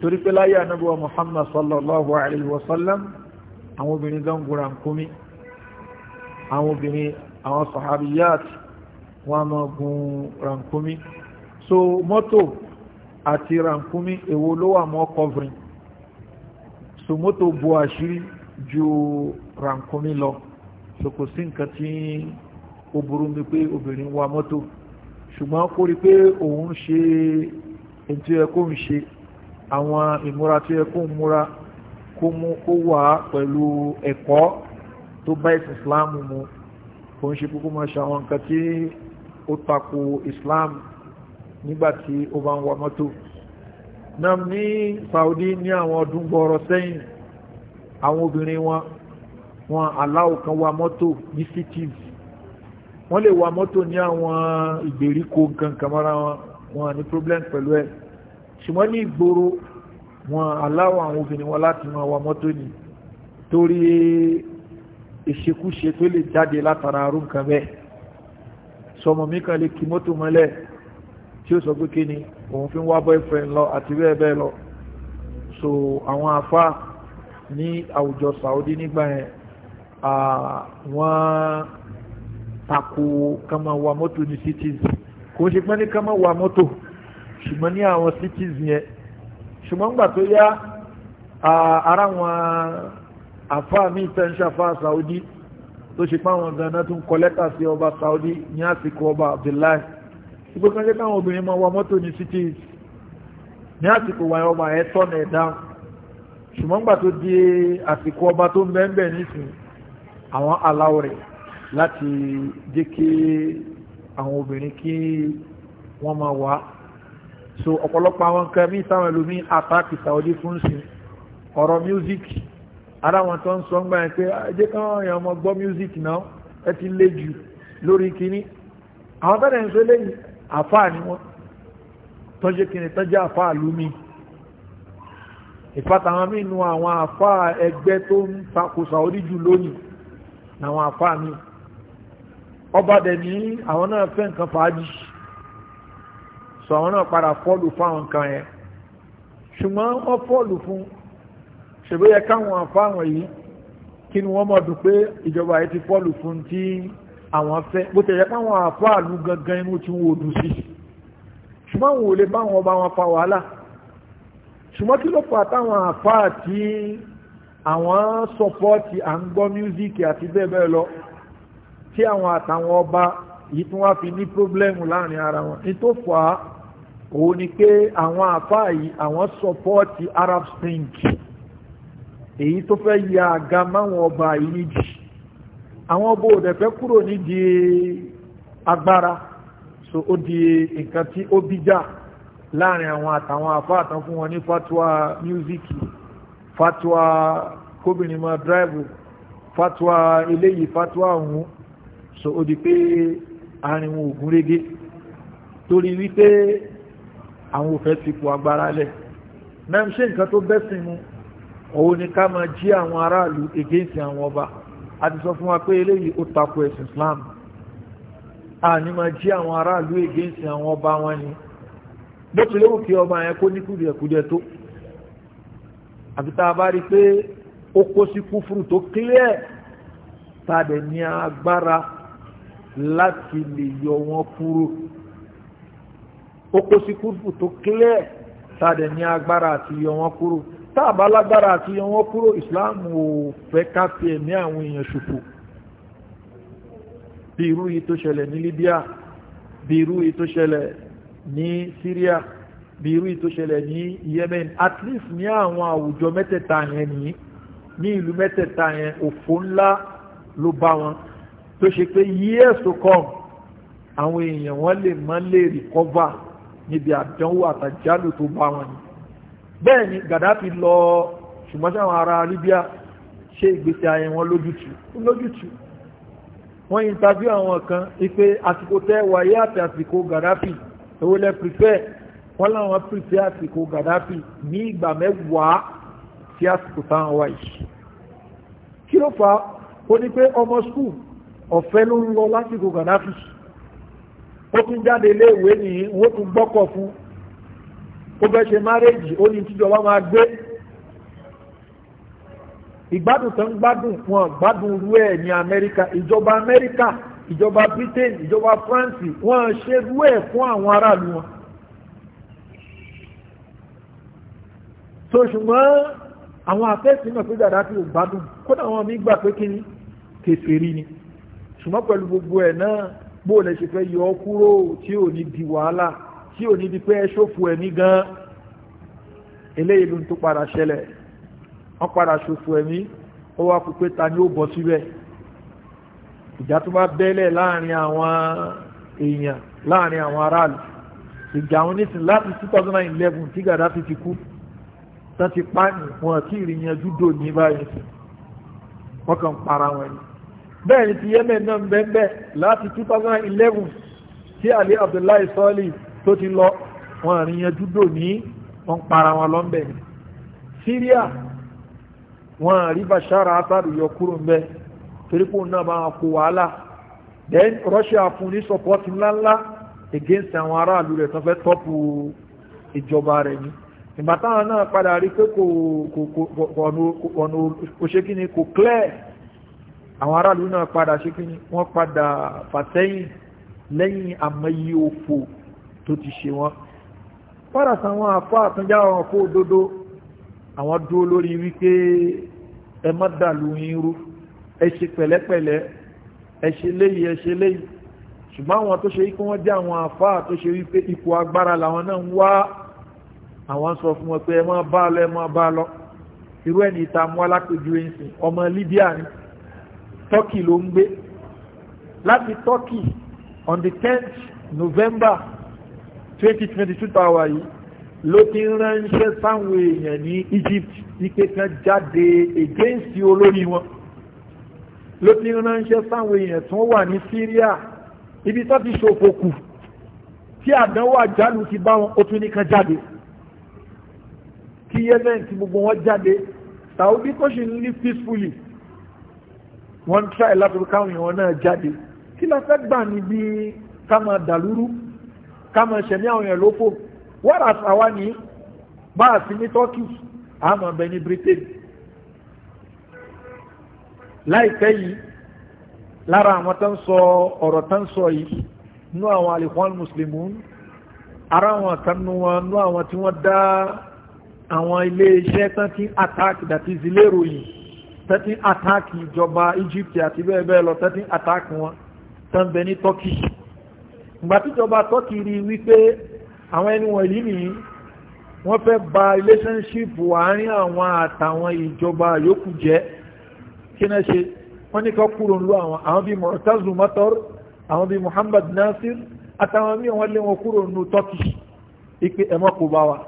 torí pé láyé anábíwa muhammad sallallahu alaihi wasallam àwọn obìnrin ganguran kúmi àwọn obìnrin àwọn sahabiyat wọn máa gun rankumi so mọ́tò àti rankumi èwo ló wà mọ́ covering so mọ́tò bo àṣírí ju rankumi lọ so kò sí nǹkan tí ó burú mi pé obìnrin wa mọ́tò ṣùgbọ́n kó rí pé òun ṣe èyí tó yẹ kó ń ṣe àwọn ìmúra tó yẹ kó ń múra kó mú kó wà pẹ̀lú ẹ̀kọ́ tó bá ẹ̀sìn Islam mu kò ń ṣe kókó máa ṣe àwọn nǹkan tí ó tako Islam nígbàtí ó bá ń wa mọ́tò nam ní Saudi ní àwọn ọdún gbọ́ọ̀rọ̀ sẹ́yìn àwọn obìnrin wọn wọn aláwọ̀ kan wa mọ́tò ní cities wọ́n lè wa mọ́tò ní àwọn ìgbèríko kankan mọ́ra wọn wọn ní problem pẹ̀lú ẹ̀ ṣùgbọ́n ní ìgboro wọn aláwọ̀ àwọn obìnrin wọn láti máa wa mọ́tò ní torí ìṣekúṣe tó lè jáde látara arú nǹkan bẹ́ẹ̀ sọmọ mi kan lè kí mọ́tò mọ́lẹ̀ tí ó sọ pé kí ni òun fi ń wá boyfriend lọ àti bẹ́ẹ̀ bẹ́ẹ̀ lọ so àwọn afá ní àwùjọ Saudi nígbà yẹn wọ́n tako kama wa mọ́tò ní cities kò ṣe pé ní kama wa mọ́tò ṣùgbọ́n ní àwọn cities yẹn ṣùgbọ́n gbà tó yá ara wọn àfáà míì tẹ́ ń ṣàfáà Saudi tó ṣe pé àwọn ganan tún kọ lẹ́tà sí ọba Saudi ní àsìkò ọba Abdullahi ìgbó kan jẹ́ káwọn obìnrin máa wa mọ́tò ní cities ní àsìkò wa ọba ẹ̀ tọ́nà ẹ̀ ṣùgbọ́n gbà tó di àsìkò ọba tó ń bẹ́ẹ̀ bẹ́ẹ̀ nísìnyí àwọn aláwọ̀ rẹ̀ láti jẹ́ kí àwọn obìnrin kí wọ́n máa wá so ọ̀pọ̀lọpọ̀ àwọn nǹkan mí táwọn ẹlòmí àtàkì Saudi fún sí ọ̀rọ̀ music ara wọn tó ń sọ ń gbà yẹn pé ah, jẹ́ káwọn èèyàn mọ gbọ́ music náà ẹ ti lé jù lórí kínní àwọn tẹ́lẹ̀ ń sọ lẹ́yìn àfáà ni wọ́n tọ́jú kínní tọ́jú àfáà lómi ìfàtàwọn mí nu àwọn àfáà ẹgbẹ́ tó ń takò Saudi jù lónìí làwọn àfáà míì ọba dẹ̀ ní àwọn náà fẹ́ nǹkan fàájì so àwọn náà padà fọ́ọ̀lù fáwọn nǹkan yẹn ṣùgbọ́n wọ́n fọ́ọ̀lù fún ṣèbó yẹ káwọn àfáwọn yìí kí ni wọ́n mọ̀ dùn pé ìjọba yìí ti fọ́ọ̀lù fún tí àwọn fẹ́ bó tẹ̀yẹ káwọn àfáàlú gangan inú tí wọ́n dùn sí ṣùgbọ́n àwọn ò lè bá wọn bá wọn fa wàhálà ṣùgbọ́n kí ló fà táwọn àfáà tí àwọn sọpọ́ọ̀tì à ń gbọ́ tí àwọn àtàwọn ọba yìí tí wọ́n fi ní pírọ́blẹ́mù láàrin ara wọn ní tó fà á òun ni pé àwọn àfáà yìí àwọn sọpọ́ọ̀tì Arab Spring èyí tó fẹ́ ya àga máwọn ọba yìí níjì àwọn ọba ò dẹ̀fẹ́ kúrò nídìí agbára so ó di nǹkan tí ó bíjà láàrin àwọn àtàwọn àfáà tán fún wọn ní fatwa music fatwa kóbìnrin máa drive fatwa eléyìí fatwa ọ̀hún so ó di pé arinwo ògùn régé torí wípé àwọn òfẹ́ ti po agbára lẹ̀ náà ṣe nǹkan tó bẹ́sìn mu òun ni ká máa jí àwọn aráàlú against àwọn ọba a ti sọ fún wa pé eléyìí ó tako ẹ̀sìn Islam a ní máa jí àwọn aráàlú against àwọn ọba wọn ni bó ti léwu kí ọba yẹn kó ní kùdìẹ̀kùdìẹ̀ tó àfi tá a bá rí i pé ó kó sí kúfúrú tó clear tá ní agbára láti lè yọ wọn kúrò ó kó sí kúrúfù tó clear tàdẹ̀ ní agbára àti yọ wọn kúrò tá a bá lágbára àti yọ wọn kúrò islam ò fẹ́ ká fi ẹ̀mí àwọn èèyàn ṣòfò bí irú yìí tó ṣẹlẹ̀ ní Libya bí irú yìí tó ṣẹlẹ̀ ní Syria bí irú yìí tó ṣẹlẹ̀ ní Yemen at least ní àwọn àwùjọ mẹ́tẹ̀ẹ̀ta yẹn nìyí ní ìlú mẹ́tẹ̀ẹ̀ta yẹn òfò ńlá ló bá wọn tó ṣe pé years to come àwọn èèyàn wọn lè má lè recover níbi àdánwò àtàjálù tó bá wọn ni bẹ́ẹ̀ ni Gaddafi lọ ṣùgbọ́n sáwọn ará Libya ṣe ìgbésí ayé wọn lójútù lójútù wọ́n interview àwọn kan ipé àsìkò tẹ́ wáyé àti àsìkò Gaddafi owó lẹ́ prepare wọ́n láwọn prepare àsìkò Gaddafi ní ìgbà mẹ́wàá sí àsìkò táwọn wáyé kí ló fà ó ní pé ọmọ school ọ̀fẹ́ ló ń lọ lásìkò Gaddafi ó tún jáde iléèwé nìyí wọ́n tún gbọ́kọ̀ fún ó fẹ́ ṣe márèèjì ó ní tíjọba máa gbé ìgbádùn tó ń gbádùn wọn gbádùn irú ẹ̀ ní Amẹ́ríkà ìjọba Amẹ́ríkà ìjọba Britain ìjọba France wọ́n ṣe irú ẹ̀ fún àwọn aráàlú wọn. so ṣùgbọ́n àwọn afẹ́sìn náà pé Gaddafi ò gbádùn kódà àwọn mi gbà pé kí ni kèfèrí ni ṣùgbọ́n pẹ̀lú gbogbo ẹ̀ náà bó lẹ ṣe fẹ́ yọ ọ́ kúrò tí ò ní di wàhálà tí ò ní di pé ẹ ṣòfò ẹ̀mí gan eléyìí ló ń tó padà ṣẹlẹ̀ wọ́n padà ṣòfò ẹ̀mí ó wá kú pé ta ni ó bọ́ síbẹ̀ ìjà tó bá bẹ́lẹ̀ láàrin àwọn èèyàn láàrin àwọn aráàlú ìjà àwọn onísìn láti 2011 tí Gaddafi ti kú tán ti pààyàn wọn kí ìrìyànjú dò ní báyìí wọ́n kàn para wọn ni bẹ́ẹ̀ ni ti yemen náà bẹ́ẹ̀ láti 2011 tí Ali Abdullahi Sọ́ọ̀lì tó ti lọ wọn àríyànjú dò ní wọn para wọn lọ́nbẹ̀ ni Syria wọn àrí Bashar Assad yọ kúrò ń bẹ́ torípò náà bá wọn kó wàhálà then Russia fún ní support ńláńlá against àwọn aráàlú rẹ̀ tó fẹ́ tọ́pù ìjọba rẹ̀ ni ìgbà táwọn náà padà rí pé kò ọ̀nà òṣèkí ni kò clear àwọn aráàlú náà padà ṣe kí wọ́n padà fàtẹ́yìn lẹ́yìn àmọ́yí òfò tó ti ṣe wọ́n padà sáwọn àpá àtúnjá àwọn kó òdodo àwọn dúró lórí wípé ẹ má dàlú irú ẹ ṣe pẹ̀lẹ́pẹ̀lẹ́ ẹ ṣe léyìí ẹ ṣe léyìí ṣùgbọ́n àwọn tó ṣe wípé wọ́n jẹ́ àwọn àpá tó ṣe wípé ipò agbára làwọn náà ń wá àwọn sọ fún wọn pé ẹ má bá lọ ẹ má bá lọ irú ẹni ìta mú alápèjú ẹ̀sìn ọmọ Libya ni turkey ló ń gbé láti turkey on the tenth november twenty twenty two tàwa yìí ló ti ránṣẹ́ sáwọn èèyàn ní egypt wípé kan jáde against olórí wọn ló ti ránṣẹ́ sáwọn èèyàn tó wà ní syria ibi tó ti ṣòfò kù tí àdánwò àjálù ti bá wọn ó tún ní jáde kí yemen ti gbogbo wọn jáde saudi kò sì ń live peacefully wọ́n ń tíráì láti fi káwọn èèyàn náà jáde kí la fẹ́ gbà níbi ká máa dàlúrú ká máa ṣẹ̀mí àwọn èèyàn lófò wọ́n àwa ní bá a sí ní turkey àmọ́ bẹ ní britain láìpẹ́ yìí lára àwọn tó ń sọ ọ̀rọ̀ tó ń sọ yìí nú àwọn alikhwan muslimun ara wọn kan nú wọn nú àwọn tí wọ́n dá àwọn ilé iṣẹ́ tán tí attack that is ilé ìròyìn tẹ́tí àtàkì ìjọba Egypt àti bẹ́ẹ̀ bẹ́ẹ̀ lọ tẹ́tí àtàkì wọn tán bẹ ní Turkey ìgbà tíjọba Turkey rí wípé àwọn ẹni wọ̀nyí nìyí wọ́n fẹ́ ba relationship àárín àwọn àtàwọn ìjọba yòókù jẹ́ kí náà ṣe wọ́n ní kọ́ kúrò ńlú àwọn àwọn bíi Murtazu Matar àwọn bíi Muhammad Nasir àtàwọn míì wọ́n lé wọn kúrò ńlú Turkey ipe ẹ̀mọ́ kò bá wa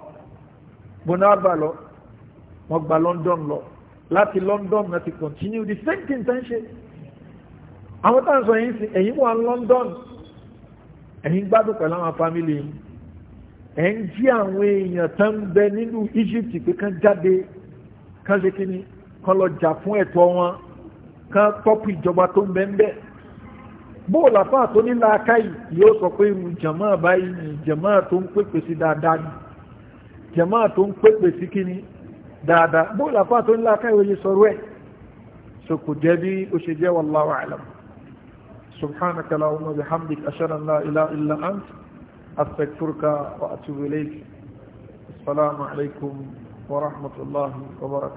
bọ́nà àbà wọ́n gba London lọ. Lo láti London náà ti continue the same thing tán ṣe àwọn tá à ń sọ yìí sí ẹ̀yin wà London ẹ̀yin gbádùn pẹ̀lú àwọn family yìí ẹ̀ ń jí àwọn èèyàn tán ń bẹ nínú Egypt pé kán jáde kán ṣe kí ni kán lọ jà fún ẹ̀tọ́ wọn kán tọ́pù ìjọba tó ń bẹ ń bẹ́ẹ̀ bóò làfáà tó ní làákàyè yóò sọ pé irú jàmáà báyìí ni jàmáà tó ń pèpè sí dáadáa ni jàmáà tó ń pèpè sí kíni dada bó àpá tó ńlá káìwé yìí sọ̀rọ̀ ẹ̀ so kò jẹ́ bí ó ṣe jẹ́ wallahu a'lam subhanaka allahumma bihamdik ashhadu an la ilaha illa ant astaghfiruka wa atubu ilayk assalamu alaikum wa rahmatullahi wa barakatuh